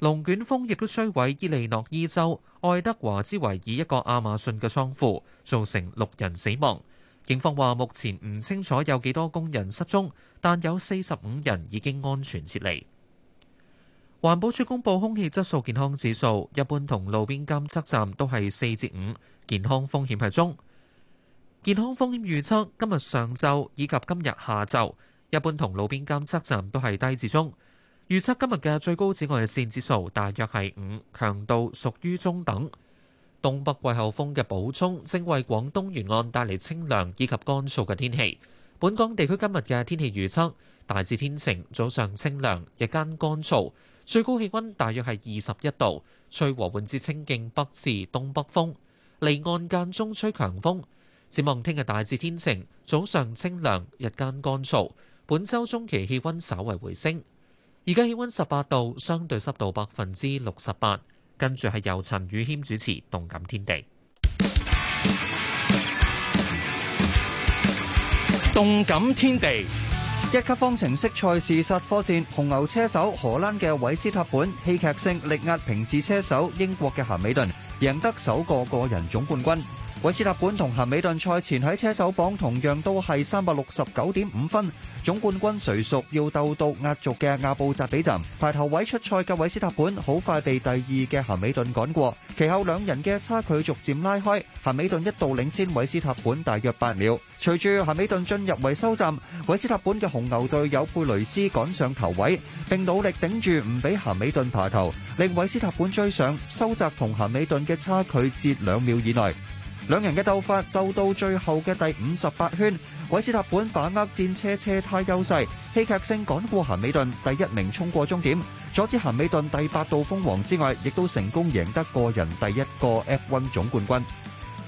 龍捲風亦都摧毀伊利諾伊州愛德華茲維爾一個亞馬遜嘅倉庫，造成六人死亡。警方話目前唔清楚有幾多工人失蹤，但有四十五人已經安全撤離。環保署公布空氣質素健康指數，一般同路邊監測站都係四至五，健康風險係中。健康風險預測今日上晝以及今日下晝，一般同路邊監測站都係低至中。預測今日嘅最高紫外線指數大約係五，強度屬於中等。東北季候風嘅補充正為廣東沿岸帶嚟清涼以及乾燥嘅天氣。本港地區今日嘅天氣預測大致天晴，早上清涼，日間乾燥，最高氣溫大約係二十一度，吹和緩至清勁北至東北風，離岸間中吹強風。展望聽日大致天晴，早上清涼，日間乾燥。本周中期氣溫稍為回升。而家氣溫十八度，相對濕度百分之六十八。跟住係由陳宇謙主持《動感天地》。《動感天地》一級方程式賽事煞科戰，紅牛車手荷蘭嘅韋斯塔本戲劇性力壓平治車手英國嘅咸美頓，贏得首個個人總冠軍。韋斯塔本同咸美頓賽前喺車手榜同樣都係三百六十九點五分，總冠軍誰屬要鬥到壓軸嘅阿布扎比站。排頭位出賽嘅韋斯塔本好快被第二嘅咸美頓趕過，其後兩人嘅差距逐漸拉開。咸美頓一度領先韋斯塔本大約八秒，隨住咸美頓進入維修站，韋斯塔本嘅紅牛隊友佩雷斯趕上頭位，並努力頂住唔俾咸美頓爬頭，令韋斯塔本追上，收窄同咸美頓嘅差距至兩秒以內。兩人嘅鬥法鬥到最後嘅第五十八圈，韋斯塔本把握戰車車胎優勢，戲劇性趕過咸美頓第一名衝過終點，阻止咸美頓第八度封王之外，亦都成功贏得個人第一個 F1 總冠軍。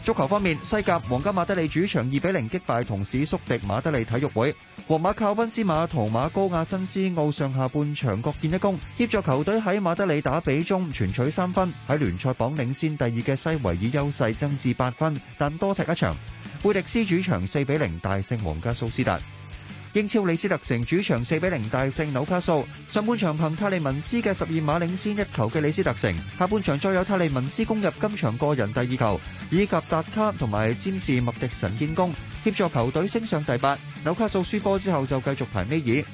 足球方面，西甲皇家馬德里主場二比零擊敗同市宿敵馬德里體育會，皇馬靠溫斯馬、圖馬高亞新斯奧上下半場各建一功，協助球隊喺馬德里打比中全取三分，喺聯賽榜領先第二嘅西維爾優勢增至八分，但多踢一場。貝迪斯主場四比零大勝皇家蘇斯達。英超里斯特城主場四比零大勝紐卡素，上半場憑泰利文斯嘅十二碼領先一球嘅里斯特城，下半場再有泰利文斯攻入今場個人第二球，以及達卡同埋詹士麥迪神建功協助球隊升上第八。紐卡素輸波之後就繼續排尾二，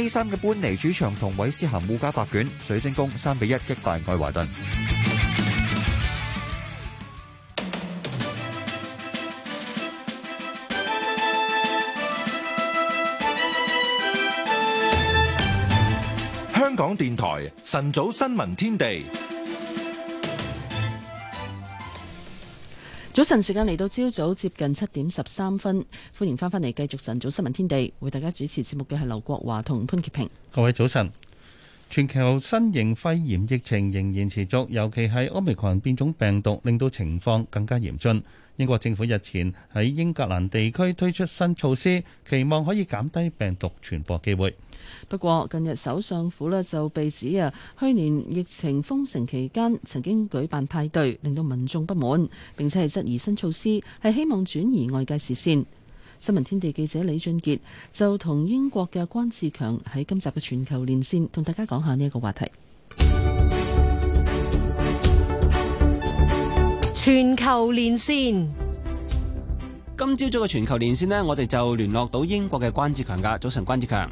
尾三嘅般尼主場同韋斯咸互交白卷，水晶宮三比一擊敗愛華頓。電台晨早新聞天地，早晨時間嚟到朝早接近七點十三分，歡迎翻翻嚟繼續晨早新聞天地，為大家主持節目嘅係劉國華同潘潔平。各位早晨，全球新型肺炎疫情仍然持續，尤其係 Omicron 變種病毒令到情況更加嚴峻。英國政府日前喺英格蘭地區推出新措施，期望可以減低病毒傳播機會。不過，近日首相府咧就被指啊，去年疫情封城期間曾經舉辦派對，令到民眾不滿，並且係質疑新措施係希望轉移外界視線。新聞天地記者李俊傑就同英國嘅關志強喺今集嘅全球連線，同大家講下呢一個話題。全球連線，今朝早嘅全球連線呢，我哋就聯絡到英國嘅關志強噶。早晨，關志強，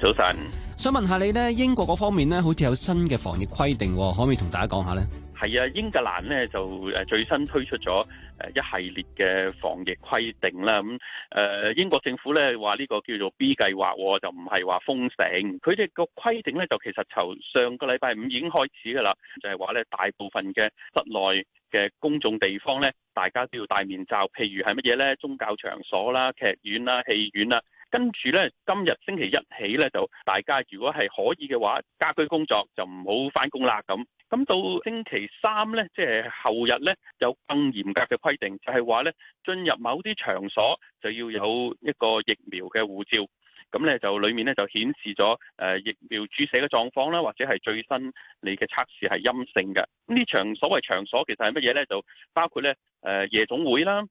早晨安，想問下你呢英國嗰方面呢，好似有新嘅防疫規定，可唔可以同大家講下呢？係啊，英格蘭呢就誒最新推出咗誒、呃、一系列嘅防疫規定啦。咁、呃、誒，英國政府呢話呢個叫做 B 計劃，就唔係話封城，佢哋個規定呢，就其實從上個禮拜五已經開始噶啦，就係、是、話呢大部分嘅室內。嘅公眾地方咧，大家都要戴面罩。譬如係乜嘢咧？宗教場所啦、劇院啦、戲院啦。跟住咧，今日星期一起咧，就大家如果係可以嘅話，家居工作就唔好返工啦。咁咁到星期三咧，即係後日咧，有更嚴格嘅規定，就係話咧，進入某啲場所就要有一個疫苗嘅護照。咁咧就裏面咧就顯示咗誒疫苗注射嘅狀況啦，或者係最新你嘅測試係陰性嘅。呢場所謂場所其實係乜嘢咧？就包括咧誒夜總會啦，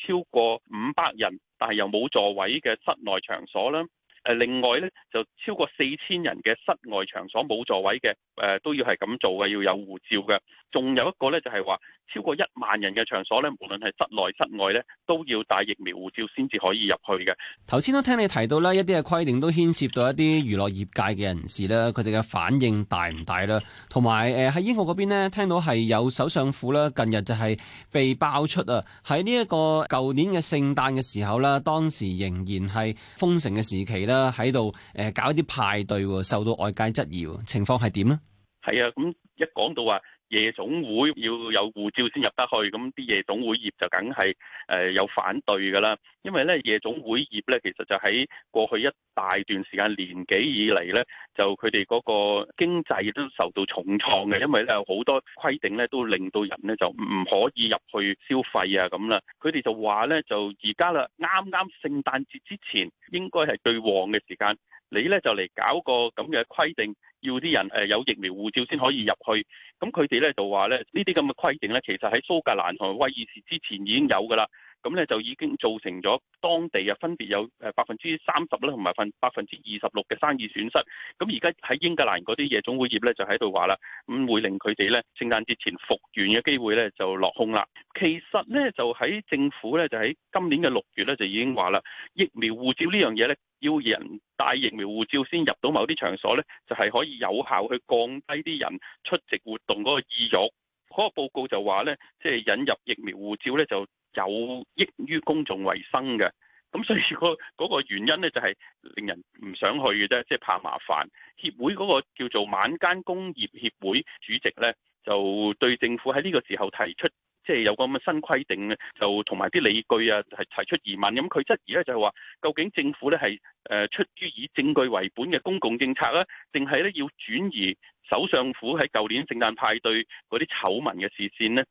誒超過五百人但係又冇座位嘅室內場所啦。誒，另外咧就超過四千人嘅室外場所冇座位嘅，誒、呃、都要係咁做嘅，要有護照嘅。仲有一個咧就係話，超過一萬人嘅場所咧，無論係室內室外咧，都要帶疫苗護照先至可以入去嘅。頭先都聽你提到咧，一啲嘅規定都牽涉到一啲娛樂業界嘅人士啦，佢哋嘅反應大唔大咧？同埋誒喺英國嗰邊咧，聽到係有首相府咧，近日就係被爆出啊，喺呢一個舊年嘅聖誕嘅時候咧，當時仍然係封城嘅時期啊！喺度誒搞一啲派對，受到外界質疑，情況係點咧？係啊，咁一講到話夜總會要有護照先入得去，咁啲夜總會業就梗係誒有反對噶啦。因為咧夜總會業咧，其實就喺過去一大段時間年幾以嚟咧，就佢哋嗰個經濟都受到重創嘅。因為咧好多規定咧都令到人咧就唔可以入去消費啊咁啦。佢哋就話咧就而家啦，啱啱聖誕節之前應該係最旺嘅時間，你咧就嚟搞個咁嘅規定，要啲人誒有疫苗護照先可以入去。咁佢哋咧就話咧呢啲咁嘅規定咧，其實喺蘇格蘭同威爾士之前已經有噶啦。咁咧就已經造成咗當地啊分別有誒百分之三十啦，同埋份百分之二十六嘅生意損失。咁而家喺英格蘭嗰啲夜總會業咧就喺度話啦，咁會令佢哋咧聖誕節前復原嘅機會咧就落空啦。其實咧就喺政府咧就喺今年嘅六月咧就已經話啦，疫苗護照呢樣嘢咧要人帶疫苗護照先入到某啲場所咧，就係可以有效去降低啲人出席活動嗰個意欲。嗰個報告就話咧，即係引入疫苗護照咧就。有益於公眾衞生嘅，咁所以個個原因呢，就係令人唔想去嘅啫，即係怕麻煩，協會嗰個叫做晚間工業協會主席呢，就對政府喺呢個時候提出即係、就是、有個咁嘅新規定呢，就同埋啲理據啊，係提出疑問，咁佢質疑呢，就係話究竟政府呢，係誒出於以證據為本嘅公共政策呢、啊，定係呢要轉移首相府喺舊年聖誕派對嗰啲醜聞嘅視線呢。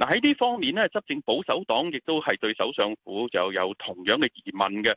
嗱喺呢方面咧，執政保守黨亦都係對首相府就有同樣嘅疑問嘅。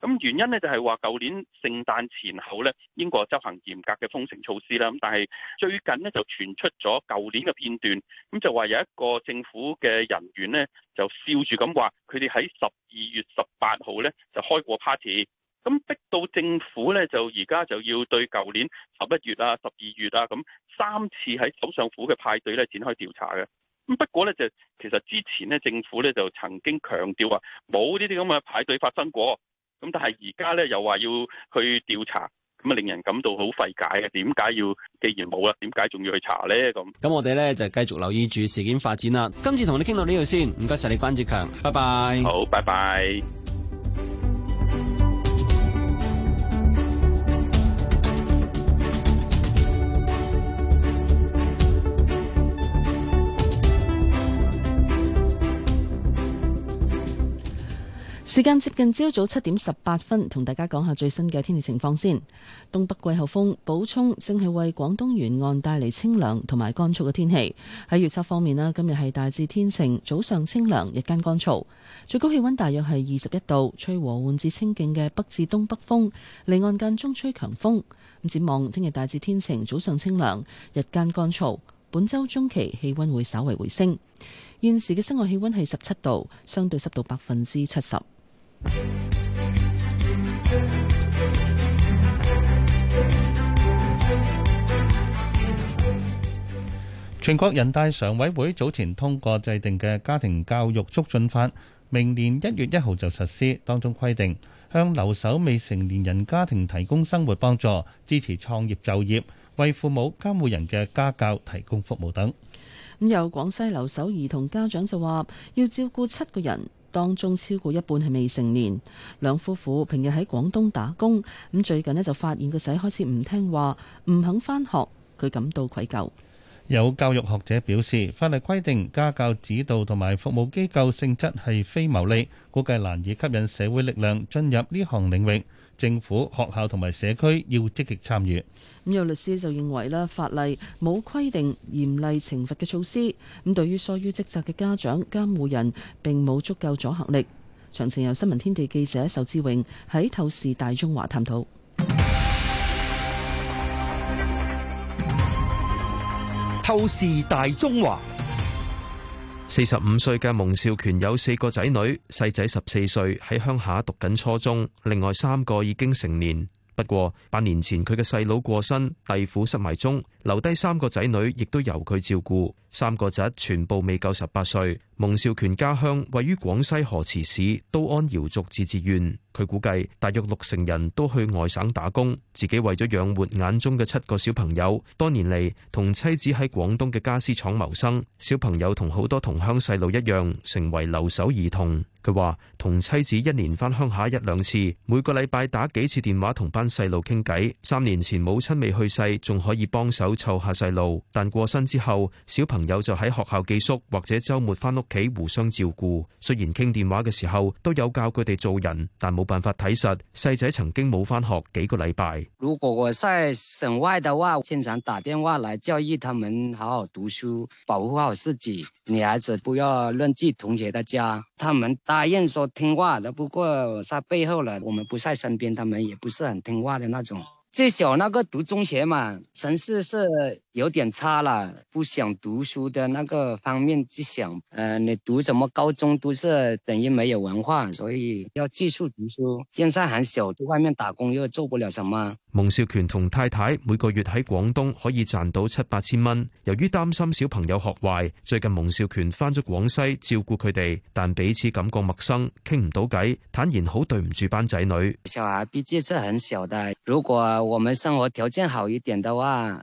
咁原因呢，就係話，舊年聖誕前後咧，英國執行嚴格嘅封城措施啦。咁但係最近呢，就傳出咗舊年嘅片段，咁就話有一個政府嘅人員呢，就笑住咁話，佢哋喺十二月十八號呢，就開過 party，咁逼到政府呢，就而家就要對舊年十一月啊、十二月啊咁三次喺首相府嘅派對咧展開調查嘅。咁不過咧就，其實之前咧政府咧就曾經強調話冇呢啲咁嘅排隊發生過，咁但係而家咧又話要去調查，咁啊令人感到好費解嘅，點解要？既然冇啦，點解仲要去查咧？咁咁我哋咧就繼續留意住事件發展啦。今次同你傾到呢度先，唔該晒你，關志強，拜拜。好，拜拜。時間接近朝早七點十八分，同大家講下最新嘅天氣情況先。東北季候風補充正係為廣東沿岸帶嚟清涼同埋乾燥嘅天氣。喺預測方面啦，今日係大致天晴，早上清涼，日間乾燥，最高氣溫大約係二十一度，吹和緩至清勁嘅北至東北風，離岸間中吹強風。咁展望聽日大致天晴，早上清涼，日間乾燥。本周中期氣溫會稍為回升。現時嘅室外氣溫係十七度，相對濕度百分之七十。全國人大常委會早前通過制定嘅《家庭教育促進法》，明年一月一號就實施。當中規定，向留守未成年人家庭提供生活幫助、支持創業就業、為父母監護人嘅家教提供服務等。咁有廣西留守兒童家長就話，要照顧七個人。當中超過一半係未成年，兩夫婦平日喺廣東打工，咁最近呢就發現個仔開始唔聽話，唔肯返學，佢感到愧疚。有教育學者表示，法例規定家教指導同埋服務機構性質係非牟利，估計難以吸引社會力量進入呢項領域。政府、學校同埋社區要積極參與。咁有律師就認為啦，法例冇規定嚴厲懲罰嘅措施，咁對於疏於職責嘅家長、監護人並冇足夠阻嚇力。詳情由新聞天地記者仇志榮喺《透視大中華》探討。《透視大中華》。四十五歲嘅蒙少權有四個仔女，細仔十四歲，喺鄉下讀緊初中，另外三個已經成年。不過，八年前佢嘅細佬過身，弟婦失迷蹤，留低三個仔女，亦都由佢照顧。三個姪全部未夠十八歲。蒙少權家鄉位於廣西河池市都安瑤族自治縣，佢估計大約六成人都去外省打工，自己為咗養活眼中嘅七個小朋友，多年嚟同妻子喺廣東嘅家私廠謀生。小朋友同好多同鄉細路一樣，成為留守兒童。佢話：同妻子一年返鄉下一兩次，每個禮拜打幾次電話同班細路傾偈。三年前母親未去世，仲可以幫手湊下細路。但過身之後，小朋友就喺學校寄宿或者週末翻屋企互相照顧。雖然傾電話嘅時候都有教佢哋做人，但冇辦法睇實。細仔曾經冇返學幾個禮拜。如果我在省外的話，我經常打電話嚟教育他們好好讀書，保護好自己。女孩子不要亂進同學的家，他們答應說聽話的，不過在背後了，我們不在身邊，他們也不是很聽話的那種。最小那個讀中學嘛，成績是有點差啦，不想讀書的那個方面就想，誒、呃，你讀什麼高中都是等於沒有文化，所以要繼續讀書。現在還小，去外面打工又做不了什麼。蒙少權同太太每個月喺廣東可以賺到七八千蚊，由於擔心小朋友學壞，最近蒙少權翻咗廣西照顧佢哋，但彼此感覺陌生，傾唔到偈，坦言好對唔住班仔女。小阿 B 畢竟即係很小的，但如果我們生活條件好一點的話。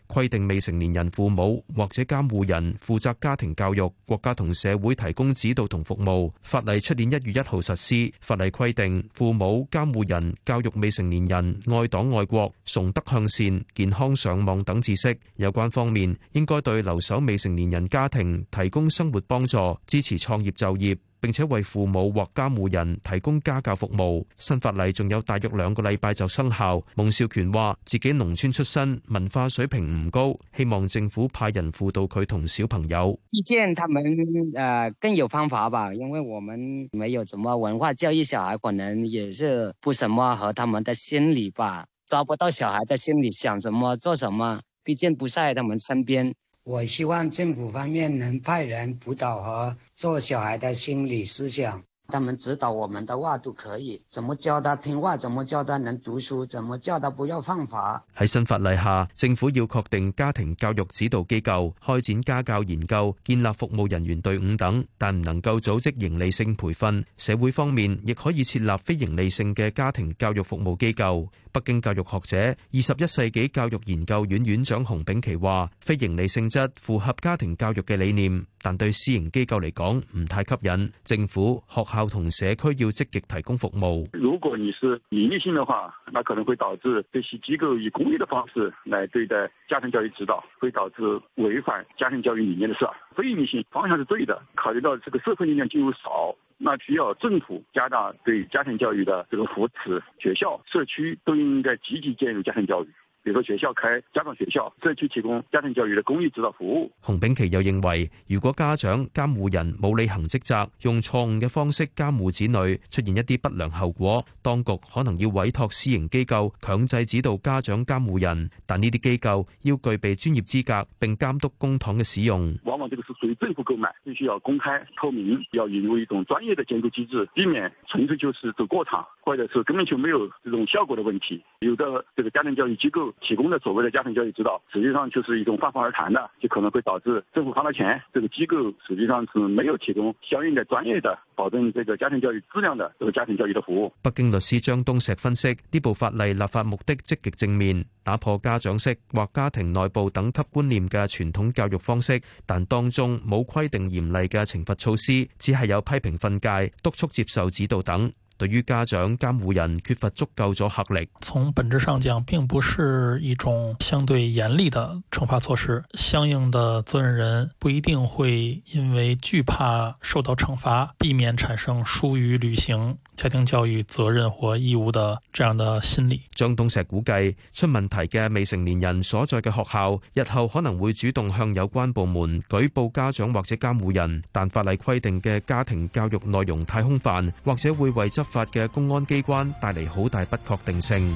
規定未成年人父母或者監護人負責家庭教育，國家同社會提供指導同服務。法例出年一月一號實施。法例規定父母監護人教育未成年人愛黨愛國、崇德向善、健康上網等知識。有關方面應該對留守未成年人家庭提供生活幫助，支持創業就業。並且為父母或監護人提供家教服務。新法例仲有大約兩個禮拜就生效。孟少權話：自己農村出身，文化水平唔高，希望政府派人輔導佢同小朋友。意見，他們誒更有方法吧，因為我們沒有什麼文化教育，小孩可能也是不什麼和他們的心理吧，抓不到小孩的心理，想什麼做什麼，畢竟不在他們身邊。我希望政府方面能派人輔導和做小孩的心理思想。他們指導我們的話都可以，怎麼教他聽話，怎麼教他能讀書，怎麼教他不要犯法。喺新法例下，政府要確定家庭教育指導機構開展家教研究、建立服務人員隊伍等，但唔能夠組織營利性培訓。社會方面亦可以設立非營利性嘅家庭教育服務機構。北京教育學者、二十一世紀教育研究院院長熊丙奇話：非營利性質符合家庭教育嘅理念。但對私營機構嚟講唔太吸引，政府、學校同社區要積極提供服務。如果你是盈利性的話，那可能會導致這些機構以公益的方式來對待家庭教育指導，會導致違反家庭教育理念的事。非盈利性方向是對的，考慮到這個社會力量進入少，那需要政府加大對家庭教育的這個扶持，學校、社區都應該積極介入家庭教育。比如學校開家長學校，社區提供家庭教育的公益指導服務。洪炳琦又認為，如果家長監護人冇履行職責，用錯誤嘅方式監護子女，出現一啲不良後果，當局可能要委託私營機構強制指導家長監護人，但呢啲機構要具備專業資格，並監督公帑嘅使用。往往這個是屬於政府購買，必須要公開透明，要引入一種專業的監督機制，避免純粹就是走過場，或者是根本就沒有這種效果的問題。有的這個家庭教育機構。提供的所謂的家庭教育指導，實際上就是一種泛泛而談的，就可能會導致政府花咗錢，這個機構實際上是沒有提供相應的專業的保證，這個家庭教育質量的這個家庭教育的服務。北京律師張東石分析，呢部法例立法目的積極正面，打破家長式或家庭內部等級觀念嘅傳統教育方式，但當中冇規定嚴厲嘅懲罰措施，只係有批評訓誡、督促接受指導等。對於家長監護人缺乏足夠阻嚇力，從本質上講，並不是一種相對嚴厲的懲罰措施。相應的責任人不一定會因為懼怕受到懲罰，避免產生疏於履行家庭教育責任或義務的這樣的心理。張東石估計，出問題嘅未成年人所在嘅學校，日後可能會主動向有關部門舉報家長或者監護人，但法例規定嘅家庭教育內容太空泛，或者會為執。法嘅公安機關帶嚟好大不確定性。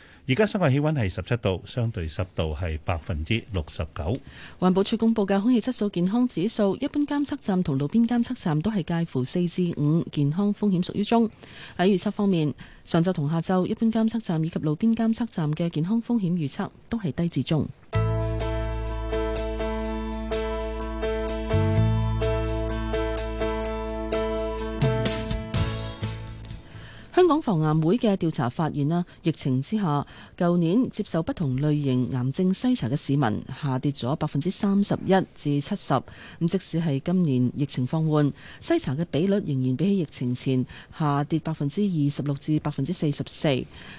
而家室外氣温係十七度，相對濕度係百分之六十九。環保署公布嘅空氣質素健康指數，一般監測站同路邊監測站都係介乎四至五，健康風險屬於中。喺預測方面，上晝同下晝一般監測站以及路邊監測站嘅健康風險預測都係低至中。香港防癌會嘅調查發現啦，疫情之下，舊年接受不同類型癌症篩查嘅市民下跌咗百分之三十一至七十。咁即使係今年疫情放緩，篩查嘅比率仍然比起疫情前下跌百分之二十六至百分之四十四。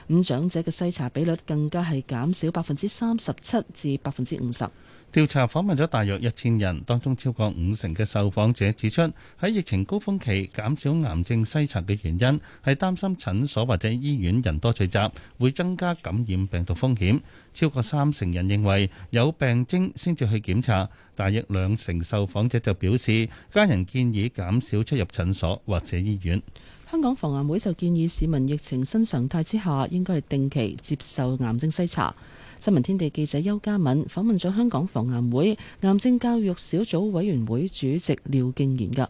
咁長者嘅篩查比率更加係減少百分之三十七至百分之五十。調查訪問咗大約一千人，當中超過五成嘅受訪者指出，喺疫情高峰期減少癌症篩查嘅原因係擔心診所或者醫院人多聚集，會增加感染病毒風險。超過三成人認為有病徵先至去檢查，大約兩成受訪者就表示家人建議減少出入診所或者醫院。香港防癌會就建議市民疫情新常態之下，應該係定期接受癌症篩查。新聞天地記者邱家敏訪問咗香港防癌會癌症教育小組委員會主席廖敬賢㗎，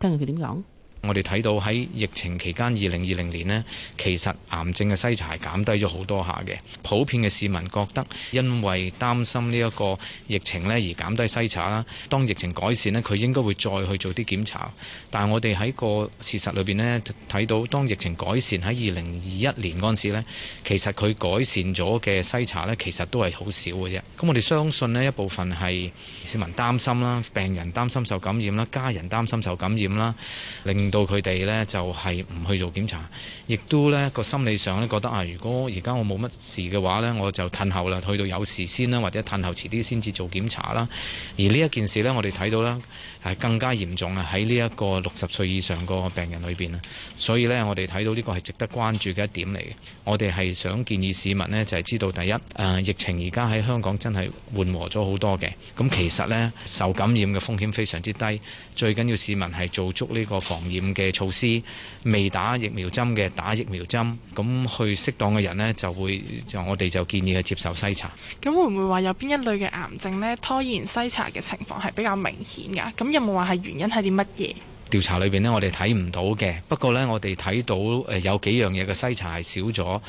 聽下佢點講。我哋睇到喺疫情期間二零二零年咧，其實癌症嘅篩查減低咗好多下嘅。普遍嘅市民覺得，因為擔心呢一個疫情咧而減低篩查啦。當疫情改善咧，佢應該會再去做啲檢查。但係我哋喺個事實裏邊咧睇到，當疫情改善喺二零二一年嗰陣時咧，其實佢改善咗嘅篩查咧，其實都係好少嘅啫。咁我哋相信咧，一部分係市民擔心啦，病人擔心受感染啦，家人擔心受感染啦，令。到佢哋呢就係唔去做檢查，亦都呢個心理上呢覺得啊，如果而家我冇乜事嘅話呢我就褪後啦，去到有事先啦，或者褪後遲啲先至做檢查啦。而呢一件事呢，我哋睇到啦，係更加嚴重啊！喺呢一個六十歲以上個病人裏邊啊，所以呢，我哋睇到呢個係值得關注嘅一點嚟嘅。我哋係想建議市民呢，就係、是、知道第一，誒、啊、疫情而家喺香港真係緩和咗好多嘅。咁其實呢，受感染嘅風險非常之低。最緊要市民係做足呢個防染嘅措施。未打疫苗針嘅，打疫苗針。咁去適當嘅人呢，就會就我哋就建議佢接受篩查。咁會唔會話有邊一類嘅癌症呢？拖延篩查嘅情況係比較明顯㗎？咁有冇話係原因係啲乜嘢，調查裏邊呢？我哋睇唔到嘅。不過呢，我哋睇到誒，有幾樣嘢嘅篩查係少咗。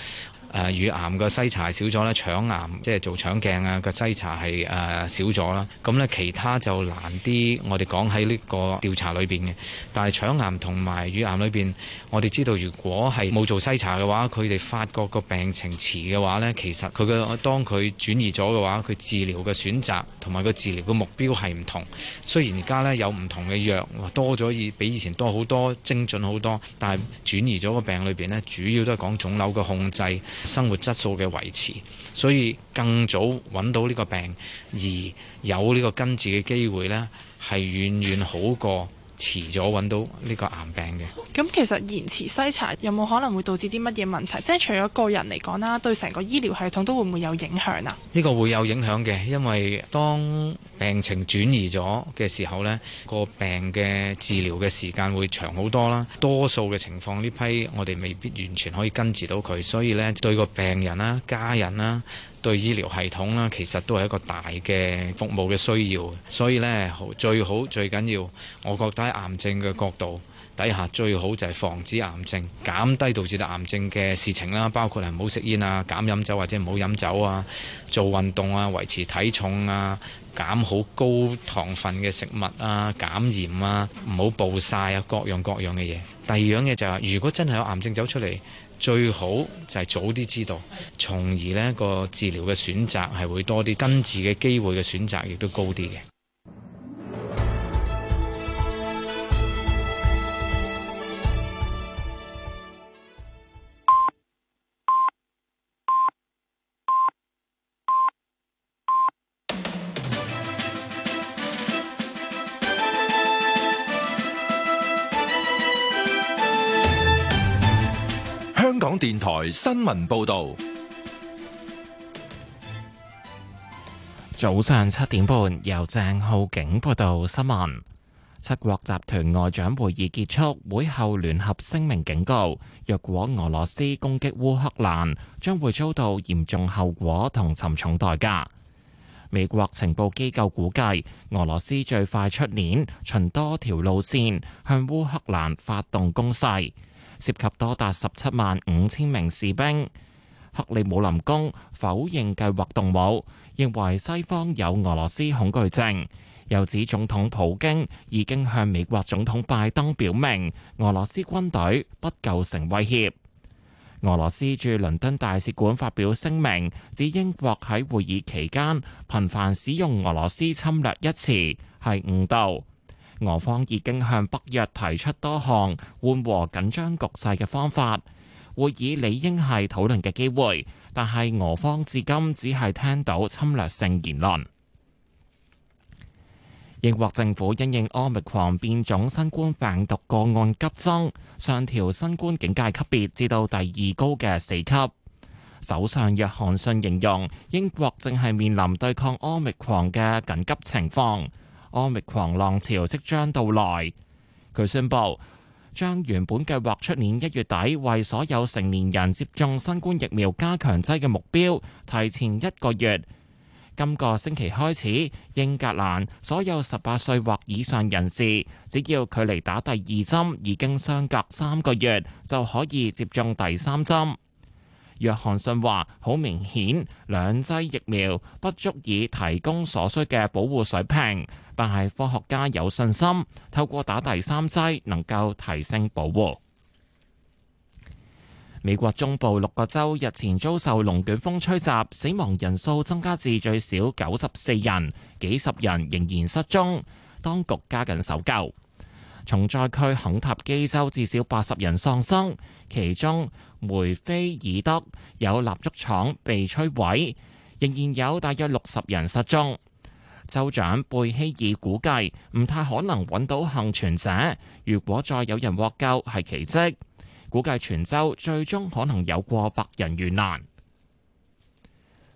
誒乳癌個篩查少咗啦，腸癌即係做腸鏡啊，個篩查係誒少咗啦。咁呢，其他就難啲，我哋講喺呢個調查裏邊嘅。但係腸癌同埋乳癌裏邊，我哋知道如果係冇做篩查嘅話，佢哋發覺個病情遲嘅話呢，其實佢嘅，當佢轉移咗嘅話，佢治療嘅選擇同埋個治療嘅目標係唔同。雖然而家呢，有唔同嘅藥，多咗以比以前多好多，精準好多，但係轉移咗個病裏邊呢，主要都係講腫瘤嘅控制。生活質素嘅維持，所以更早揾到呢個病，而有呢個根治嘅機會，呢係遠遠好過。遲咗揾到呢個癌病嘅，咁其實延遲篩查有冇可能會導致啲乜嘢問題？即係除咗個人嚟講啦，對成個醫療系統都會唔會有影響啊？呢個會有影響嘅，因為當病情轉移咗嘅時候呢，個病嘅治療嘅時間會長好多啦。多數嘅情況，呢批我哋未必完全可以根治到佢，所以呢對個病人啦、家人啦。對醫療系統啦，其實都係一個大嘅服務嘅需要，所以呢，好最好最緊要，我覺得喺癌症嘅角度底下，最好就係防止癌症，減低導致癌症嘅事情啦，包括係唔好食煙啊、減飲酒或者唔好飲酒啊、做運動啊、維持體重啊、減好高糖分嘅食物啊、減鹽啊、唔好暴曬啊，各樣各樣嘅嘢。第二樣嘢就係、是，如果真係有癌症走出嚟。最好就係早啲知道，從而呢個治療嘅選擇係會多啲，根治嘅機會嘅選擇亦都高啲嘅。港電台新聞報道，早上七點半由鄭浩景報道新聞。七國集團外長會議結束，會後聯合聲明警告：若果俄羅斯攻擊烏克蘭，將會遭到嚴重後果同沉重代價。美國情報機構估計，俄羅斯最快出年，循多條路線向烏克蘭發動攻勢。涉及多達十七萬五千名士兵。克里姆林宮否認計劃動武，認為西方有俄羅斯恐懼症。又指總統普京已經向美國總統拜登表明俄羅斯軍隊不構成威脅。俄羅斯駐倫敦大使館發表聲明，指英國喺會議期間頻繁使用俄羅斯侵略一詞，係誤導。俄方已經向北約提出多項緩和緊張局勢嘅方法，會議理應係討論嘅機會，但係俄方至今只係聽到侵略性言論。英國政府因應奧密狂變種新冠病毒個案急增，上調新冠警戒級別至到第二高嘅四級。首相約翰遜形容英國正係面臨對抗奧密狂嘅緊急情況。Omicron 浪潮即將到來，佢宣布將原本計劃出年一月底為所有成年人接種新冠疫苗加強劑嘅目標提前一個月。今、這個星期開始，英格蘭所有十八歲或以上人士，只要距離打第二針已經相隔三個月，就可以接種第三針。約翰遜話：好明顯，兩劑疫苗不足以提供所需嘅保護水平，但係科學家有信心，透過打第三劑能夠提升保護。美國中部六個州日前遭受龍捲風吹襲，死亡人數增加至最少九十四人，幾十人仍然失蹤，當局加緊搜救。重災區肯塔基州至少八十人喪生，其中梅菲爾德有蠟燭廠被摧毀，仍然有大約六十人失蹤。州長貝希爾估計唔太可能揾到幸存者，如果再有人獲救係奇跡，估計全州最終可能有過百人遇難。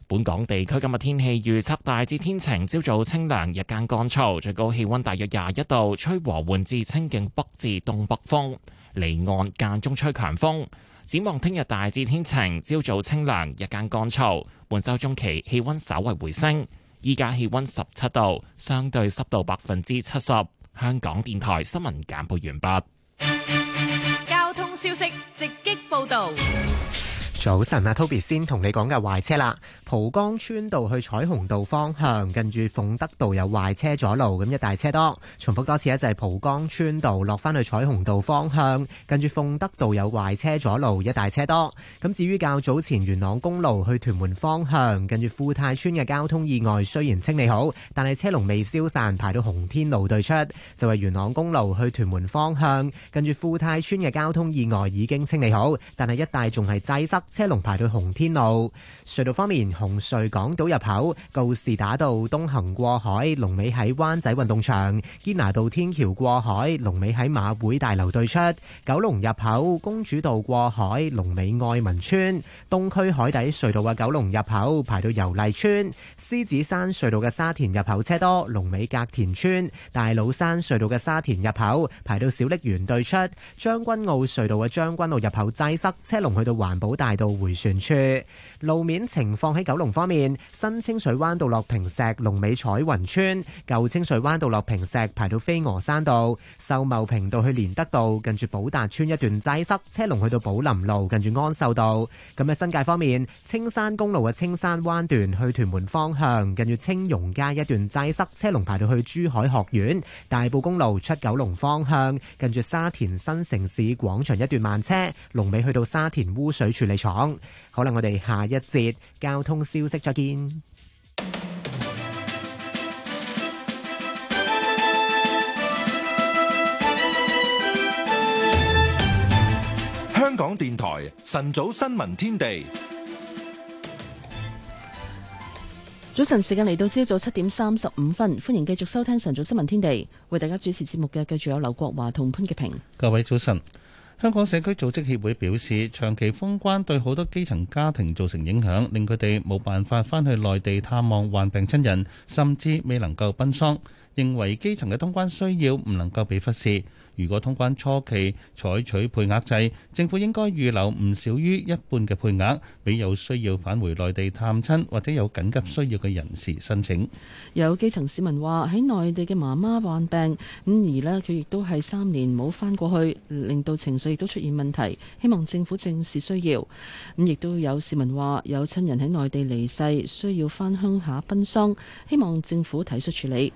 本港地區今日天氣預測，大致天晴，朝早清涼，日間乾燥，最高氣溫大約廿一度，吹和緩至清勁北至東北風，離岸間中吹強風。展望聽日大致天晴，朝早清涼，日間乾燥，本周中期氣溫稍為回升。依家氣溫十七度，相對濕度百分之七十。香港電台新聞簡報完畢。交通消息直擊報道。早晨啊，Toby 先同你講嘅壞車啦，蒲崗村道去彩虹道方向，近住鳳德道有壞車阻路，咁一帶車多。重複多次一就係、是、蒲崗村道落翻去彩虹道方向，近住鳳德道有壞車阻路，一帶車多。咁至於較早前元朗公路去屯門方向，近住富泰村嘅交通意外雖然清理好，但係車龍未消散，排到洪天路對出。就係元朗公路去屯門方向，近住富泰村嘅交通意外已經清理好，但係一帶仲係擠塞。車龍排到洪天路。隧道方面，紅隧港島入口告士打道東行過海，龍尾喺灣仔運動場；堅拿道天橋過海，龍尾喺馬會大樓對出；九龍入口公主道過海，龍尾愛民村；東區海底隧道嘅九龍入口排到油麗邨；獅子山隧道嘅沙田入口車多，龍尾隔田村；大老山隧道嘅沙田入口排到小瀝源對出；將軍澳隧道嘅將軍澳入口擠塞，車龍去到環保大到回旋處，路面情況喺九龍方面，新清水灣道落坪石龍尾彩雲邨，舊清水灣道落坪石排到飛鵝山道，秀茂坪道去連德道近住寶達邨一段擠塞，車龍去到寶林路近住安秀道。咁喺新界方面，青山公路嘅青山灣段去屯門方向近住青榕街一段擠塞，車龍排到去珠海學院，大埔公路出九龍方向近住沙田新城市廣場一段慢車，龍尾去到沙田污水處理廠。講好啦，我哋下一節交通消息再見。香港電台晨早新聞天地，早晨時間嚟到朝早七點三十五分，歡迎繼續收聽晨早新聞天地，為大家主持節目嘅繼續有劉國華同潘潔平。各位早晨。香港社區組織協會表示，長期封關對好多基層家庭造成影響，令佢哋冇辦法返去內地探望患病親人，甚至未能夠奔喪。認為基層嘅通關需要唔能夠被忽視。如果通關初期採取配額制，政府應該預留唔少於一半嘅配額，俾有需要返回內地探親或者有緊急需要嘅人士申請。有基層市民話：喺內地嘅媽媽患病咁，而呢，佢亦都係三年冇翻過去，令到情緒亦都出現問題。希望政府正視需要。咁亦都有市民話：有親人喺內地離世，需要翻鄉下奔喪，希望政府體恤處理。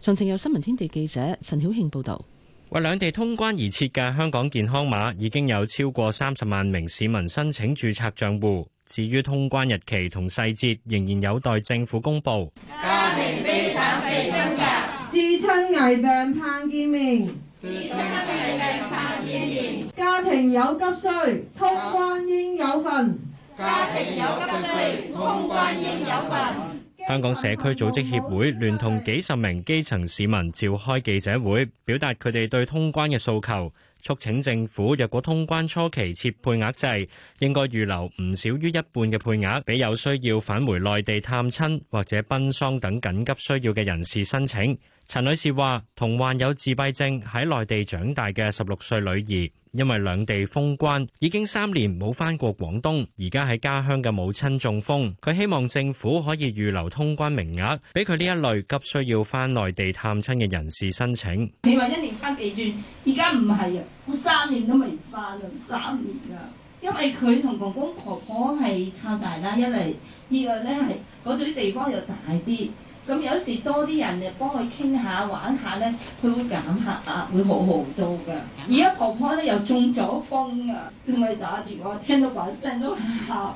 詳情有新聞天地記者陳曉慶報道。為兩地通關而設嘅香港健康碼已經有超過三十萬名市民申請註冊賬戶。至於通關日期同細節，仍然有待政府公布。家庭悲慘被分隔，至親危病盼見面，至親危病盼見面，家庭有急需，通關應有份，家庭有急需，通關應有份。香港社區組織協會聯同幾十名基層市民召開記者會，表達佢哋對通關的訴求，促請政府若果通關初期設配額制，應該預留不少於一半的配額俾有需要返回內地探親或者奔喪等緊急需要的人士申請。陳女士話，同患有自閉症喺內地長大的16歲女兒。因為兩地封關，已經三年冇翻過廣東，而家喺家鄉嘅母親中風，佢希望政府可以預留通關名額，俾佢呢一類急需要翻內地探親嘅人士申請。你話一年翻幾轉，而家唔係啊，我三年都未翻啊，三年啊，因為佢同公公婆婆係差大啦，一嚟，二嚟咧係嗰度啲地方又大啲。咁有時多啲人嚟幫佢傾下玩下咧，佢會減壓呀，會好好多噶。而家婆婆咧又中咗風啊，仲係打電話聽到把聲都嚇。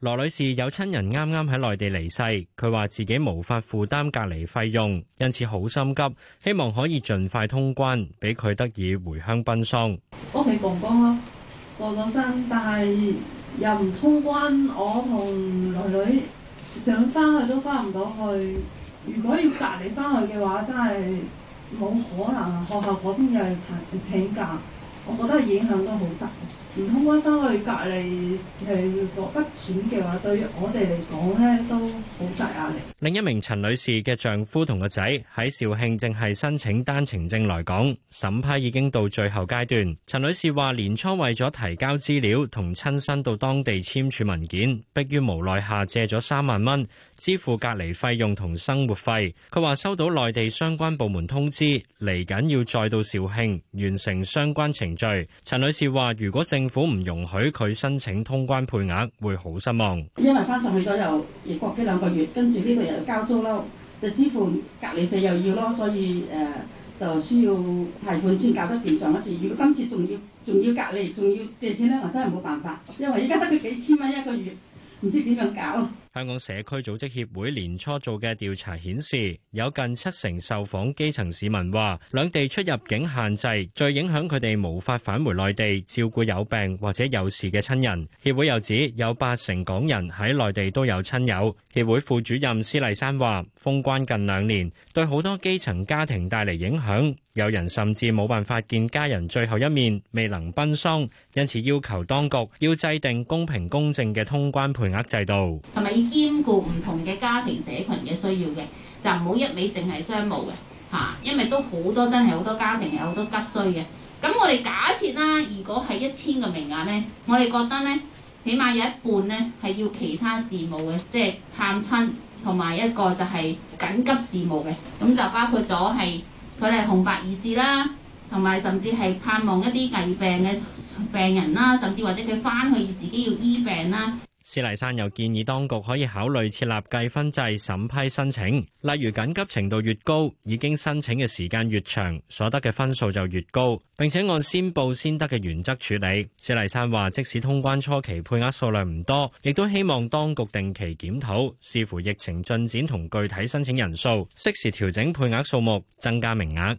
羅女士有親人啱啱喺內地離世，佢話自己無法負擔隔離費用，因此好心急，希望可以盡快通關，俾佢得以回鄉奔喪。屋企過唔過咯，過咗身，但係又唔通關，我同女女想翻去都翻唔到去。如果要隔離翻去嘅話，真係冇可能啊！學校嗰邊又要請請假。我覺得影響都好大，唔通揾翻去隔離係攞筆錢嘅話，對於我哋嚟講咧都好大壓力。另一名陳女士嘅丈夫同個仔喺肇慶正係申請單程證來港，審批已經到最後階段。陳女士話年初為咗提交資料同親身到當地簽署文件，迫於無奈下借咗三萬蚊支付隔離費用同生活費。佢話收到內地相關部門通知，嚟緊要再到肇慶完成相關程。罪，陳女士話：如果政府唔容許佢申請通關配額，會好失望。因為翻上去咗又疫國機兩個月，跟住呢度又交租咯，就支付隔離費又要咯，所以誒、呃、就需要提款先搞得掂。上一次如果今次仲要仲要隔離，仲要借錢咧，我真係冇辦法，因為依家得佢幾千蚊一個月，唔知點樣搞。香港社區組織協會年初做嘅調查顯示，有近七成受訪基層市民話，兩地出入境限制最影響佢哋無法返回內地照顧有病或者有事嘅親人。協會又指，有八成港人喺內地都有親友。協會副主任施麗珊話：封關近兩年，對好多基層家庭帶嚟影響，有人甚至冇辦法見家人最後一面，未能奔喪，因此要求當局要制定公平公正嘅通關配額制度。係咪？兼顧唔同嘅家庭社群嘅需要嘅，就唔好一味淨係商務嘅吓，因為都好多真係好多家庭有好多急需嘅。咁我哋假設啦，如果係一千個名額呢，我哋覺得呢，起碼有一半呢係要其他事務嘅，即係探親同埋一個就係緊急事務嘅，咁就包括咗係佢哋紅白二事啦，同埋甚至係探望一啲危病嘅病人啦，甚至或者佢返去自己要醫病啦。施麗珊又建議當局可以考慮設立計分制審批申請，例如緊急程度越高，已經申請嘅時間越長，所得嘅分數就越高，並且按先報先得嘅原則處理。施麗珊話，即使通關初期配額數量唔多，亦都希望當局定期檢討，視乎疫情進展同具體申請人數，適時調整配額數目，增加名額。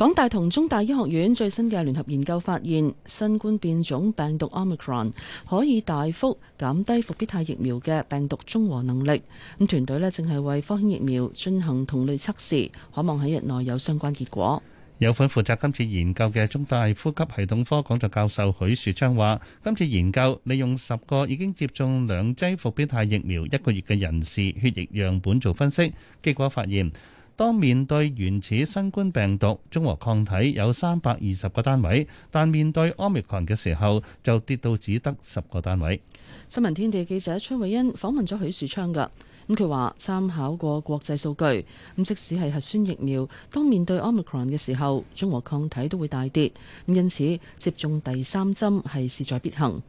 港大同中大醫學院最新嘅聯合研究發現，新冠變種病毒 omicron 可以大幅減低復必泰疫苗嘅病毒中和能力。咁團隊咧正係為科興疫苗進行同類測試，可望喺日內有相關結果。有份負責今次研究嘅中大呼吸系統科講座教授許樹昌話，今次研究利用十個已經接種兩劑復必泰疫苗一個月嘅人士血液樣本做分析，結果發現。當面對原始新冠病毒，中和抗體有三百二十個單位，但面對 Omicron 嘅時候就跌到只得十個單位。新聞天地記者崔慧欣訪問咗許樹昌㗎，咁佢話參考過國際數據，咁即使係核酸疫苗，當面對 Omicron 嘅時候，中和抗體都會大跌。咁因此，接種第三針係事在必行。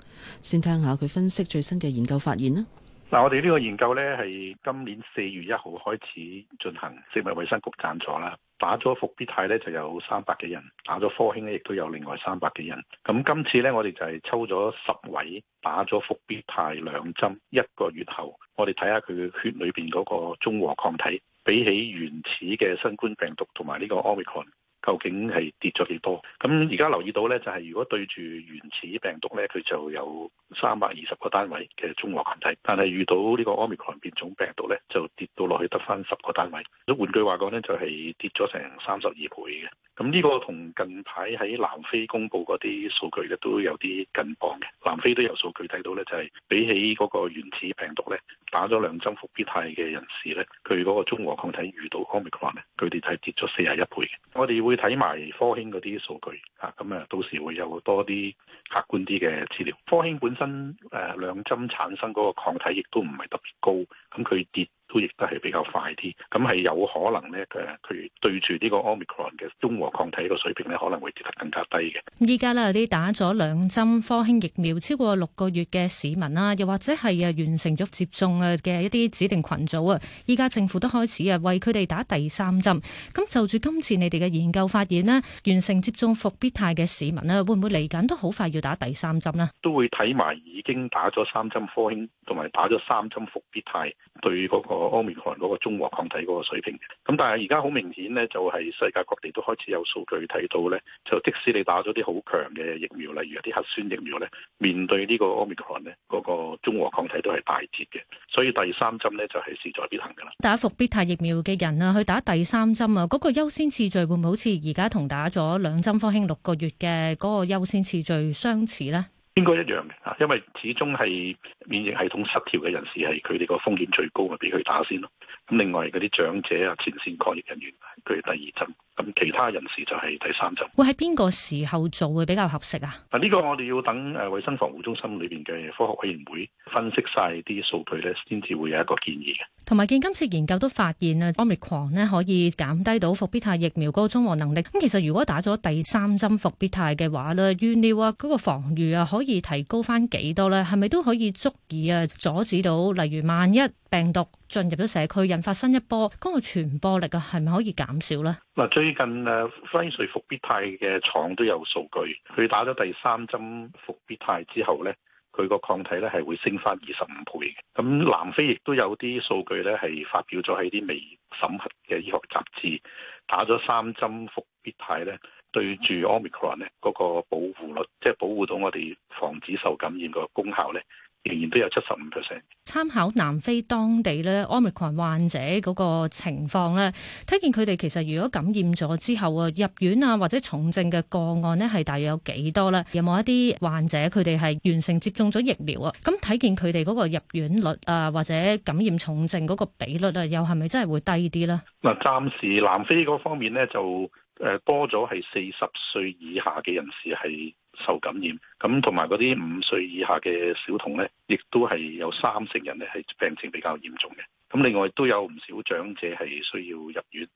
先聽下佢分析最新嘅研究發現啦。嗱，我哋呢個研究呢，係今年四月一號開始進行，食物衞生局贊助啦，打咗復必泰呢就有三百幾人，打咗科興呢亦都有另外三百幾人。咁今次呢，我哋就係抽咗十位，打咗復必泰兩針，一個月後，我哋睇下佢嘅血裏邊嗰個中和抗體，比起原始嘅新冠病毒同埋呢個奧密克戎。究竟係跌咗幾多？咁而家留意到呢，就係、是、如果對住原始病毒呢，佢就有三百二十個單位嘅中和抗體，但係遇到呢個 Omicron 變種病毒呢，就跌到落去得翻十個單位。換句話講呢，就係、是、跌咗成三十二倍嘅。咁呢個同近排喺南非公布嗰啲數據呢都有啲近磅嘅。南非都有數據睇到呢，就係、是、比起嗰個原始病毒呢，打咗兩針復必泰嘅人士呢，佢嗰個中和抗體遇到 Omicron 呢，佢哋係跌咗四十一倍嘅。我哋會。會睇埋科興嗰啲數據啊，咁啊到時會有多啲客觀啲嘅資料。科興本身誒兩針產生嗰個抗體亦都唔係特別高，咁佢跌，都亦都係比較快啲，咁係有可能咧誒，佢對住呢個 Omicron 嘅中和抗體個水平咧，可能會跌得更加低嘅。依家咧有啲打咗兩針科興疫苗超過六個月嘅市民啦，又或者係啊完成咗接種啊嘅一啲指定群組啊，依家政府都開始啊為佢哋打第三針，咁就住今次你哋嘅研究發現咧，完成接種復必泰嘅市民咧，會唔會嚟緊都好快要打第三針咧？都會睇埋已經打咗三針科興同埋打咗三針復必泰對嗰個。個奧密克戎嗰個中和抗體嗰個水平，咁、嗯、但係而家好明顯咧，就係世界各地都開始有數據睇到咧，就即使你打咗啲好強嘅疫苗，例如啲核酸疫苗咧，面對呢個奧密克戎咧，嗰個中和抗體都係大跌嘅，所以第三針咧就係事在必行噶啦。打伏必泰疫苗嘅人啊，去打第三針啊，嗰、那個優先次序會唔會好似而家同打咗兩針科興六個月嘅嗰個優先次序相似咧？應該一樣嘅，因為始終係免疫系統失調嘅人士係佢哋個風險最高嘅，俾佢打先咯。咁另外嗰啲長者啊、前線抗疫人員，佢哋第二針。咁其他人士就係第三針。會喺邊個時候做會比較合適啊？嗱、啊，呢個我哋要等誒衛生防護中心裏邊嘅科學委員會分析晒啲數據咧，先至會有一個建議嘅。同埋，見今次研究都發現咧，Omicron 咧可以減低到復必泰疫苗嗰個中和能力。咁其實如果打咗第三針復必泰嘅話咧，預料啊嗰個防禦啊可以提高翻幾多咧？係咪都可以足以啊阻止到？例如萬一病毒進入咗社區，引發新一波，嗰、那個傳播力啊係咪可以減少咧？嗱，最近誒輝瑞復必泰嘅廠都有數據，佢打咗第三針復必泰之後咧。佢個抗體咧係會升翻二十五倍嘅，咁南非亦都有啲數據咧，係發表咗喺啲未審核嘅醫學雜誌，打咗三針復必泰咧，對住 Omicron 咧嗰個保護率，即係保護到我哋防止受感染個功效咧。仍然都有七十五 percent。參考南非當地咧，Omicron 患者嗰個情況咧，睇見佢哋其實如果感染咗之後啊，入院啊或者重症嘅個案呢，係大約有幾多咧？有冇一啲患者佢哋係完成接種咗疫苗啊？咁睇見佢哋嗰個入院率啊，或者感染重症嗰個比率啊，又係咪真係會低啲咧？嗱，暫時南非嗰方面呢，就誒多咗係四十歲以下嘅人士係。受感染咁，同埋嗰啲五歲以下嘅小童呢，亦都係有三成人呢係病情比較嚴重嘅。咁另外都有唔少長者係需要入院。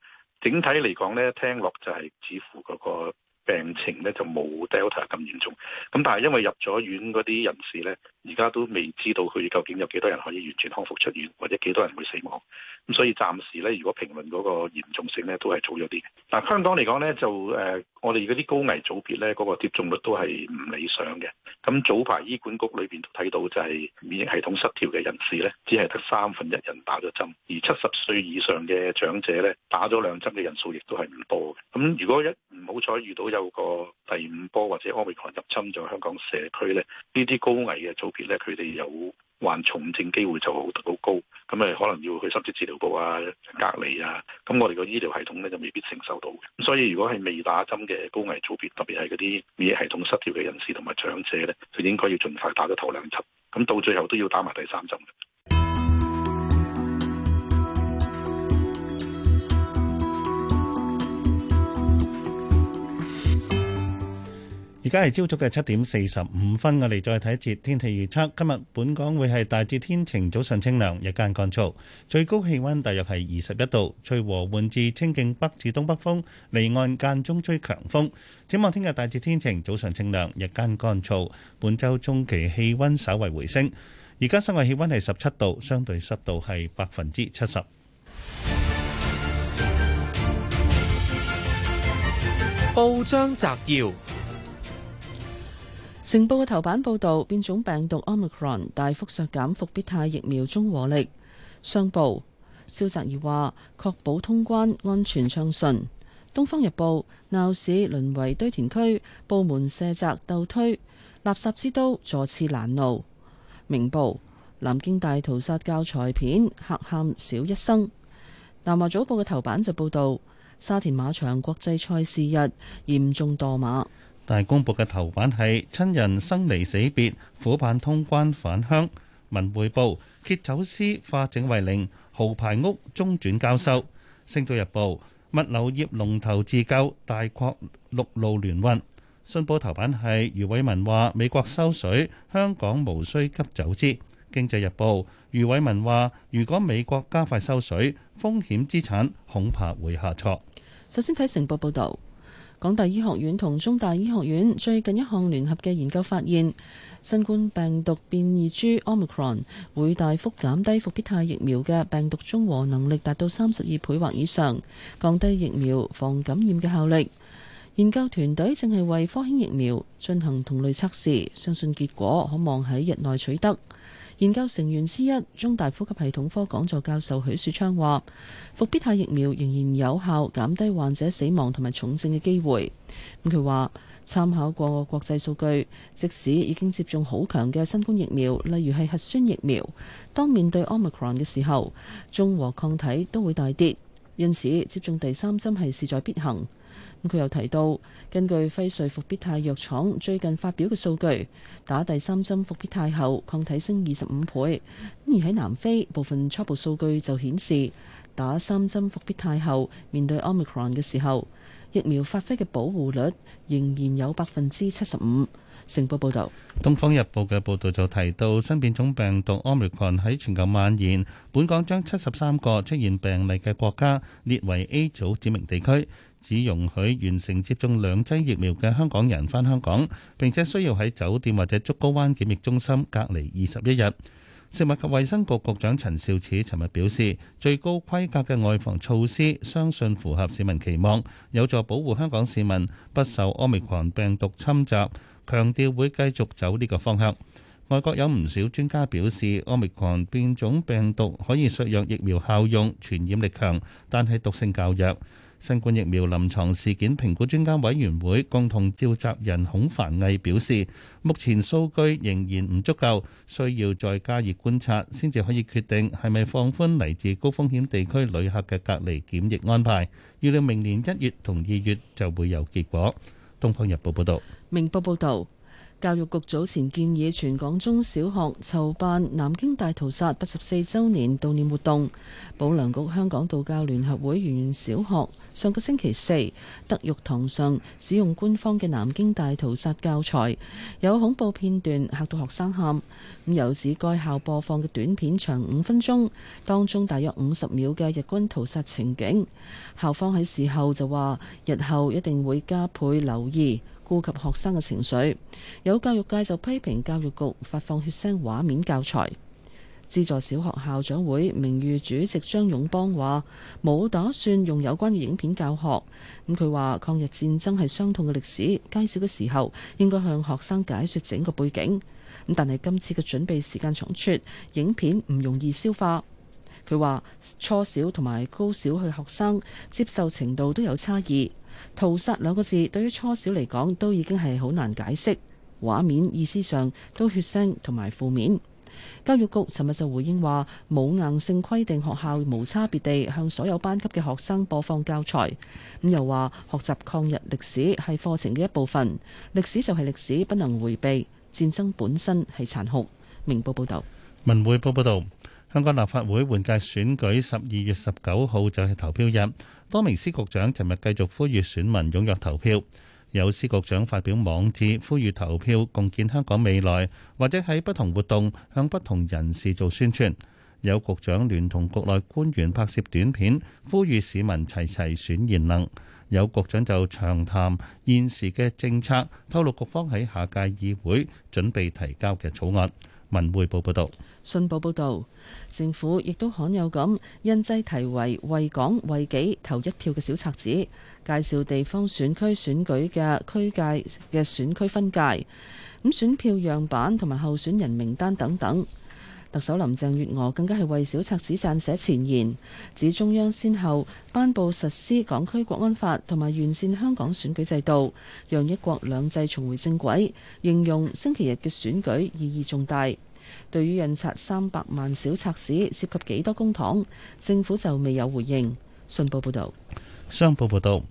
整體嚟講呢，聽落就係似乎嗰個病情呢就冇 Delta 咁嚴重。咁但係因為入咗院嗰啲人士呢。而家都未知道佢究竟有幾多人可以完全康復出院，或者幾多人會死亡。咁所以暫時咧，如果評論嗰個嚴重性咧，都係早咗啲。嗱，香港嚟講咧，就誒、呃、我哋嗰啲高危組別咧，嗰、嗰個接種率都係唔理想嘅。咁早排醫管局裏邊都睇到就係免疫系統失調嘅人士咧，只係得三分一人打咗針，而七十歲以上嘅長者咧，打咗兩針嘅人數亦都係唔多嘅。咁如果一唔好彩遇到有個第五波或者 Omicron 入侵咗，就是，香港社區咧，呢啲高危嘅組咧，佢哋有患重症機會就好得好高，咁咪可能要去深切治療部啊、隔離啊，咁我哋個醫療系統咧就未必承受到。咁所以如果係未打針嘅高危組別，特別係嗰啲免疫系統失調嘅人士同埋長者咧，就應該要盡快打到頭兩針，咁到最後都要打埋第三針。而家係朝早嘅七點四十五分，我哋再睇一節天氣預測。今日本港會係大致天晴，早上清涼，日間乾燥，最高氣溫大約係二十一度，吹和緩至清勁北至東北風，離岸間中吹強風。展望聽日大致天晴，早上清涼，日間乾燥。本周中期氣溫稍為回升，而家室外氣溫係十七度，相對濕度係百分之七十。報章摘要。明報嘅頭版報導變種病毒 Omicron 大幅削減復必泰疫苗中和力。商報蕭澤頤話：確保通關安全暢順。《東方日報》鬧市淪為堆填區，部門卸責鬥推垃圾之都坐廁攔路。明報《南京大屠殺》教材片嚇喊小一生。南華早報嘅頭版就報導沙田馬場國際賽事日嚴重墮馬。大公報嘅頭版係親人生離死別，苦盼通關返鄉。文匯報揭走私化整為零，豪排屋中轉交收。星島日報物流業龍頭自救，大擴陸路聯運。信報頭版係余偉文話：美國收水，香港無需急走資。經濟日報余偉文話：如果美國加快收水，風險資產恐怕會下挫。首先睇成報報導。港大醫學院同中大醫學院最近一項聯合嘅研究發現，新冠病毒變異株 Omicron 會大幅減低復必泰疫苗嘅病毒中和能力，達到三十二倍或以上，降低疫苗防感染嘅效力。研究團隊正係為科興疫苗進行同類測試，相信結果可望喺日內取得。研究成員之一，中大呼吸系統科講座教授許樹昌話：復必泰疫苗仍然有效，減低患者死亡同埋重症嘅機會。咁佢話，參考過國際數據，即使已經接種好強嘅新冠疫苗，例如係核酸疫苗，當面對 Omicron 嘅時候，中和抗體都會大跌，因此接種第三針係勢在必行。佢又提到，根據輝瑞復必泰藥廠最近發表嘅數據，打第三針復必泰後，抗體升二十五倍。而喺南非部分初步數據就顯示，打三針復必泰後，面對 Omicron 嘅時候，疫苗發揮嘅保護率仍然有百分之七十五。成報報導，《東方日報》嘅報導就提到，新變種病毒 Omicron 喺全球蔓延，本港將七十三個出現病例嘅國家列為 A 組指明地區。只容許完成接種兩劑疫苗嘅香港人返香港，並且需要喺酒店或者竹篙灣檢疫中心隔離二十一日。食物及衛生局局長陳肇始尋日表示，最高規格嘅外防措施相信符合市民期望，有助保護香港市民不受奧密克戎病毒侵襲。強調會繼續走呢個方向。外國有唔少專家表示，奧密克戎變種病毒可以削弱疫苗效用，傳染力強，但係毒性較弱。新冠疫苗臨床事件評估專家委員會共同召集人孔凡毅表示，目前數據仍然唔足夠，需要再加以觀察，先至可以決定係咪放寬嚟自高風險地區旅客嘅隔離檢疫安排。預料明年一月同二月就會有結果。《東方日報》報導，《明報》報導。教育局早前建議全港中小學籌辦南京大屠殺八十四週年悼念活動。保良局香港道教聯合會圓玄小學，上個星期四德育堂上使用官方嘅南京大屠殺教材，有恐怖片段嚇到學生喊。咁由是該校播放嘅短片長五分鐘，當中大約五十秒嘅日軍屠殺情景。校方喺事後就話，日後一定會加倍留意。顧及學生嘅情緒，有教育界就批評教育局發放血腥畫面教材。資助小學校長會名譽主席張勇邦話：冇打算用有關嘅影片教學。咁佢話抗日戰爭係傷痛嘅歷史，介紹嘅時候應該向學生解説整個背景。咁但係今次嘅準備時間長出，影片唔容易消化。佢話初小同埋高小嘅學生接受程度都有差異。屠殺兩個字對於初小嚟講都已經係好難解釋，畫面意思上都血腥同埋負面。教育局尋日就回應話，冇硬性規定學校無差別地向所有班級嘅學生播放教材。咁又話學習抗日歷史係課程嘅一部分，歷史就係歷史，不能迴避。戰爭本身係殘酷。明報報道。文匯報報道，香港立法會換屆選舉十二月十九號就係投票日。多名司局長尋日繼續呼籲選民踴躍投票，有司局長發表網誌呼籲投票，共建香港未來；或者喺不同活動向不同人士做宣傳。有局長聯同局內官員拍攝短片，呼籲市民齊齊選賢能。有局長就長談現時嘅政策，透露局方喺下屆議會準備提交嘅草案。文匯報報道。信報報導，政府亦都罕有咁印製題為「為港為己投一票」嘅小冊子，介紹地方選區選舉嘅區界嘅選區分界，咁選票樣板同埋候選人名單等等。特首林鄭月娥更加係為小冊子撰寫前言，指中央先後頒布實施港區國安法同埋完善香港選舉制度，讓一國兩制重回正軌，形容星期日嘅選舉意義重大。對於印刷三百萬小冊子涉及幾多公帑，政府就未有回應。信報報導，商報報導，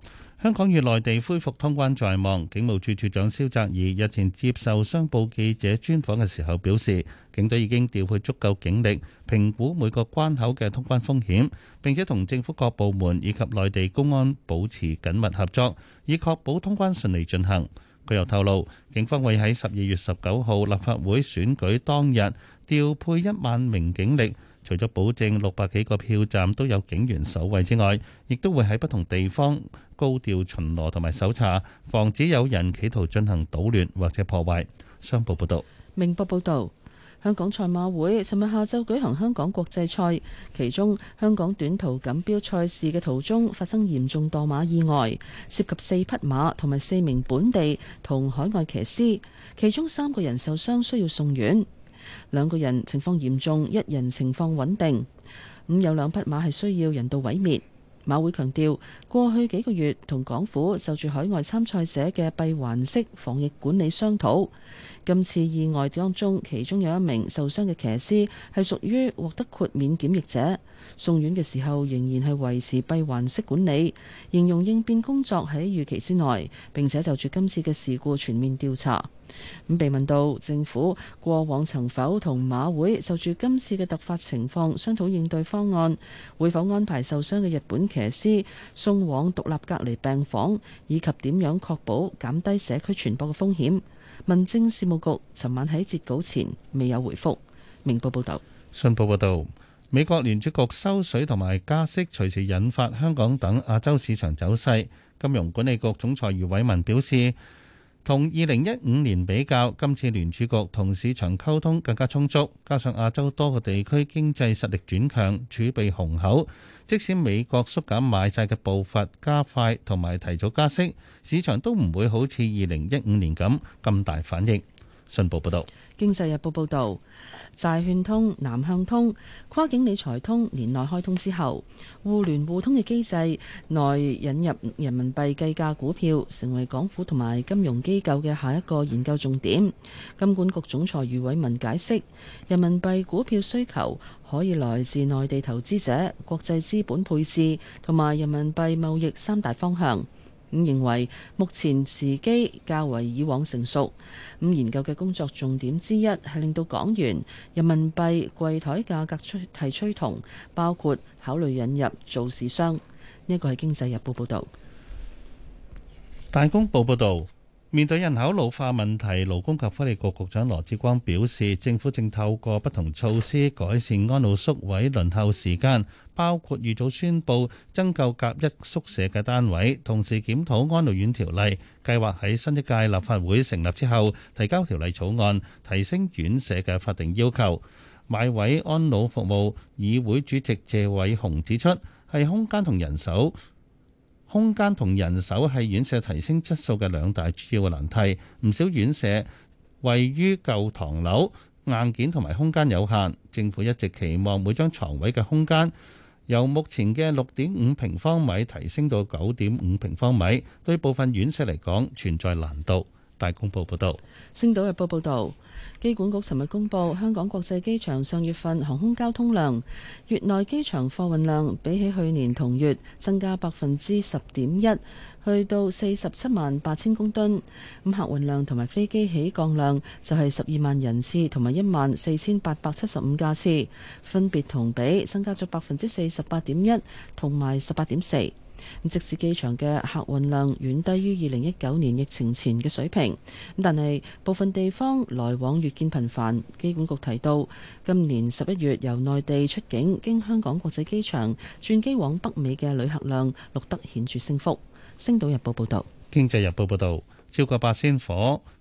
香港與內地恢復通關在望。警務處處長蕭澤頤日前接受商報記者專訪嘅時候表示，警隊已經調配足夠警力，評估每個關口嘅通關風險，並且同政府各部門以及內地公安保持緊密合作，以確保通關順利進行。佢又透露，警方會喺十二月十九號立法會選舉當日調配一萬名警力，除咗保證六百幾個票站都有警員守衛之外，亦都會喺不同地方高調巡邏同埋搜查，防止有人企圖進行搗亂或者破壞。商報報導，明報報導。香港賽馬會尋日下晝舉行香港國際賽，其中香港短途錦標賽事嘅途中發生嚴重墮馬意外，涉及四匹馬同埋四名本地同海外騎師，其中三個人受傷需要送院，兩個人情況嚴重，一人情況穩定。咁有兩匹馬係需要人道毀滅。馬會強調，過去幾個月同港府就住海外參賽者嘅閉環式防疫管理商討。今次意外當中，其中有一名受傷嘅騎師係屬於獲得豁免檢疫者，送院嘅時候仍然係維持閉環式管理，形容應變工作喺預期之內，並且就住今次嘅事故全面調查。咁被問到政府過往曾否同馬會就住今次嘅突發情況商討應對方案，會否安排受傷嘅日本騎師送往獨立隔離病房，以及點樣確保減低社區傳播嘅風險，民政事務局尋晚喺截稿前未有回覆。明報報道，信報報道，美國聯儲局收水同埋加息隨時引發香港等亞洲市場走勢。金融管理局總裁余偉文表示。同二零一五年比較，今次聯儲局同市場溝通更加充足，加上亞洲多個地區經濟實力轉強，儲備雄厚，即使美國縮減買債嘅步伐加快同埋提早加息，市場都唔會好似二零一五年咁咁大反應。信報報道。經濟日報報導，債券通、南向通、跨境理財通年內開通之後，互聯互通嘅機制內引入人民幣計價股票，成為港府同埋金融機構嘅下一個研究重點。金管局總裁余偉文解釋，人民幣股票需求可以來自內地投資者、國際資本配置同埋人民幣貿易三大方向。咁認為目前時機較為以往成熟，咁研究嘅工作重點之一係令到港元人民幣櫃台價格趨提趨同，包括考慮引入做市商。呢個係《經濟日報》報道，《大公報》報道。面對人口老化問題，勞工及福利局局長羅志光表示，政府正透過不同措施改善安老宿位輪候時間，包括預早宣佈增購甲一宿舍嘅單位，同時檢討安老院條例，計劃喺新一屆立法會成立之後提交條例草案，提升院舍嘅法定要求。買位安老服務議會主席謝偉雄指出，係空間同人手。空間同人手係院舍提升質素嘅兩大主要難題，唔少院舍位於舊唐樓，硬件同埋空間有限。政府一直期望每張床位嘅空間由目前嘅六點五平方米提升到九點五平方米，對部分院舍嚟講存在難度。大公報報道。星島日報報道。機管局尋日公布香港國際機場上月份航空交通量，月內機場貨運量比起去年同月增加百分之十點一，去到四十七萬八千公噸。咁客運量同埋飛機起降量就係十二萬人次同埋一萬四千八百七十五架次，分別同比增加咗百分之四十八點一同埋十八點四。即使機場嘅客運量遠低於二零一九年疫情前嘅水平，但係部分地方來往越見頻繁。機管局提到，今年十一月由內地出境經香港國際機場轉機往北美嘅旅客量錄得顯著升幅。星島日報報導，經濟日報報導，超過八千火。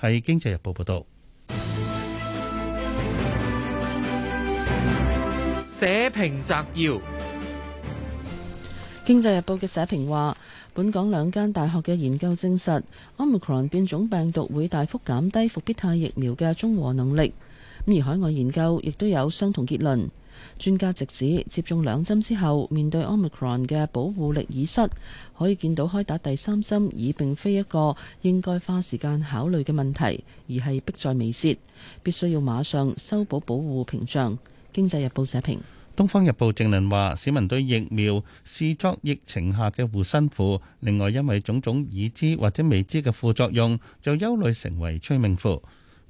係《經濟日報》報道，社評摘要：《經濟日報》嘅社評話，本港兩間大學嘅研究證實，Omicron 變種病毒會大幅減低復必泰疫苗嘅中和能力，咁而海外研究亦都有相同結論。專家直指，接種兩針之後，面對 Omicron 嘅保護力已失，可以見到開打第三針已並非一個應該花時間考慮嘅問題，而係迫在眉睫，必須要馬上修補保護屏障。經濟日報社評。東方日報正論話：市民對疫苗視作疫情下嘅護身符，另外因為種種已知或者未知嘅副作用，就憂慮成為催命符。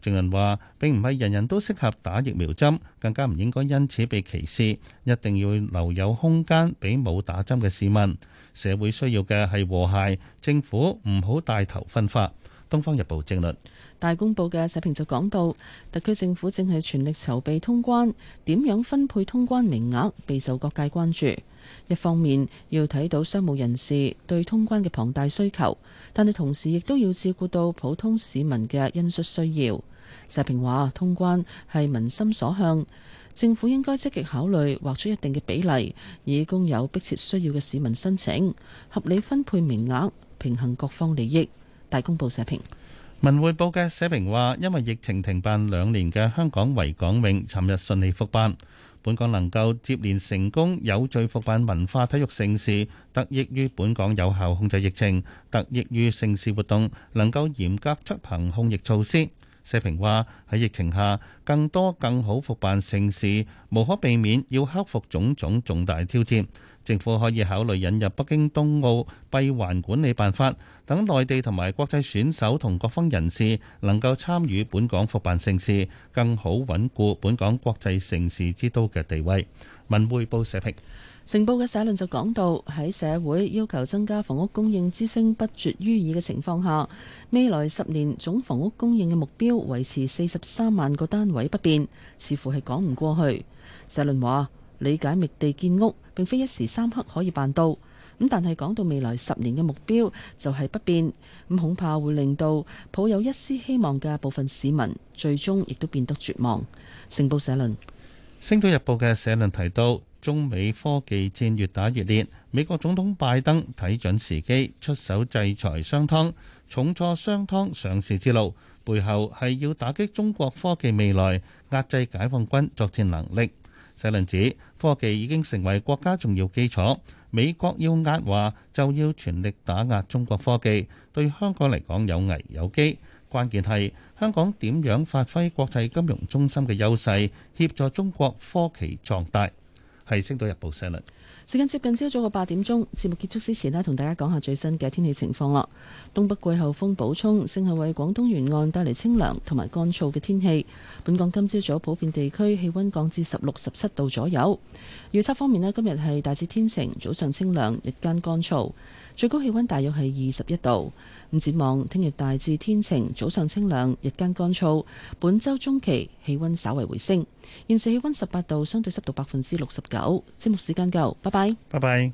證人話並唔係人人都適合打疫苗針，更加唔應該因此被歧視。一定要留有空間俾冇打針嘅市民。社會需要嘅係和諧，政府唔好帶頭分發。《東方日報》政論大公報嘅社評就講到，特區政府正係全力籌備通關，點樣分配通關名額，備受各界關注。一方面要睇到商務人士對通關嘅龐大需求，但係同時亦都要照顧到普通市民嘅殷切需要。社評話：通關係民心所向，政府應該積極考慮劃出一定嘅比例，以供有迫切需要嘅市民申請，合理分配名額，平衡各方利益。大公報社評，文匯報嘅社評話：因為疫情停辦兩年嘅香港維港泳，尋日順利復辦。本港能夠接連成功有序復辦文化體育盛事，得益於本港有效控制疫情，得益於盛事活動能夠嚴格執行控疫措施。社評話，喺疫情下，更多更好復辦盛事，無可避免要克服種種重大挑戰。政府可以考慮引入北京東澳閉環管理辦法，等內地同埋國際選手同各方人士能夠參與本港服辦盛事，更好穩固本港國際城市之都嘅地位。文匯報社評，城報嘅社論就講到，喺社會要求增加房屋供應之聲不絕於耳嘅情況下，未來十年總房屋供應嘅目標維持四十三萬個單位不變，似乎係講唔過去。社論話，理解密地建屋，並非一時三刻可以辦到，咁但係講到未來十年嘅目標就係不變，咁恐怕會令到抱有一絲希望嘅部分市民最終亦都變得絕望。成報社論，《星島日報》嘅社論提到，中美科技戰越打越烈，美國總統拜登睇準時機出手制裁商湯，重挫商湯上市之路，背後係要打擊中國科技未來，壓制解放軍作戰能力。社論指，科技已經成為國家重要基礎，美國要壓華就要全力打壓中國科技，對香港嚟講有危有機，關鍵係香港點樣發揮國際金融中心嘅優勢，協助中國科技壯大。係《星島日報》社論。時間接近朝早嘅八點鐘，節目結束之前呢，同大家講下最新嘅天氣情況啦。東北季候風補充，正係為廣東沿岸帶嚟清涼同埋乾燥嘅天氣。本港今朝早普遍地區氣温降至十六、十七度左右。預測方面呢，今日係大致天晴，早上清涼，日間乾燥，最高氣温大約係二十一度。嗯、展望聽日大致天晴，早上清涼，日間乾燥。本周中期氣温稍為回升。現時氣温十八度，相對濕度百分之六十九。節目時間夠，拜拜。拜拜。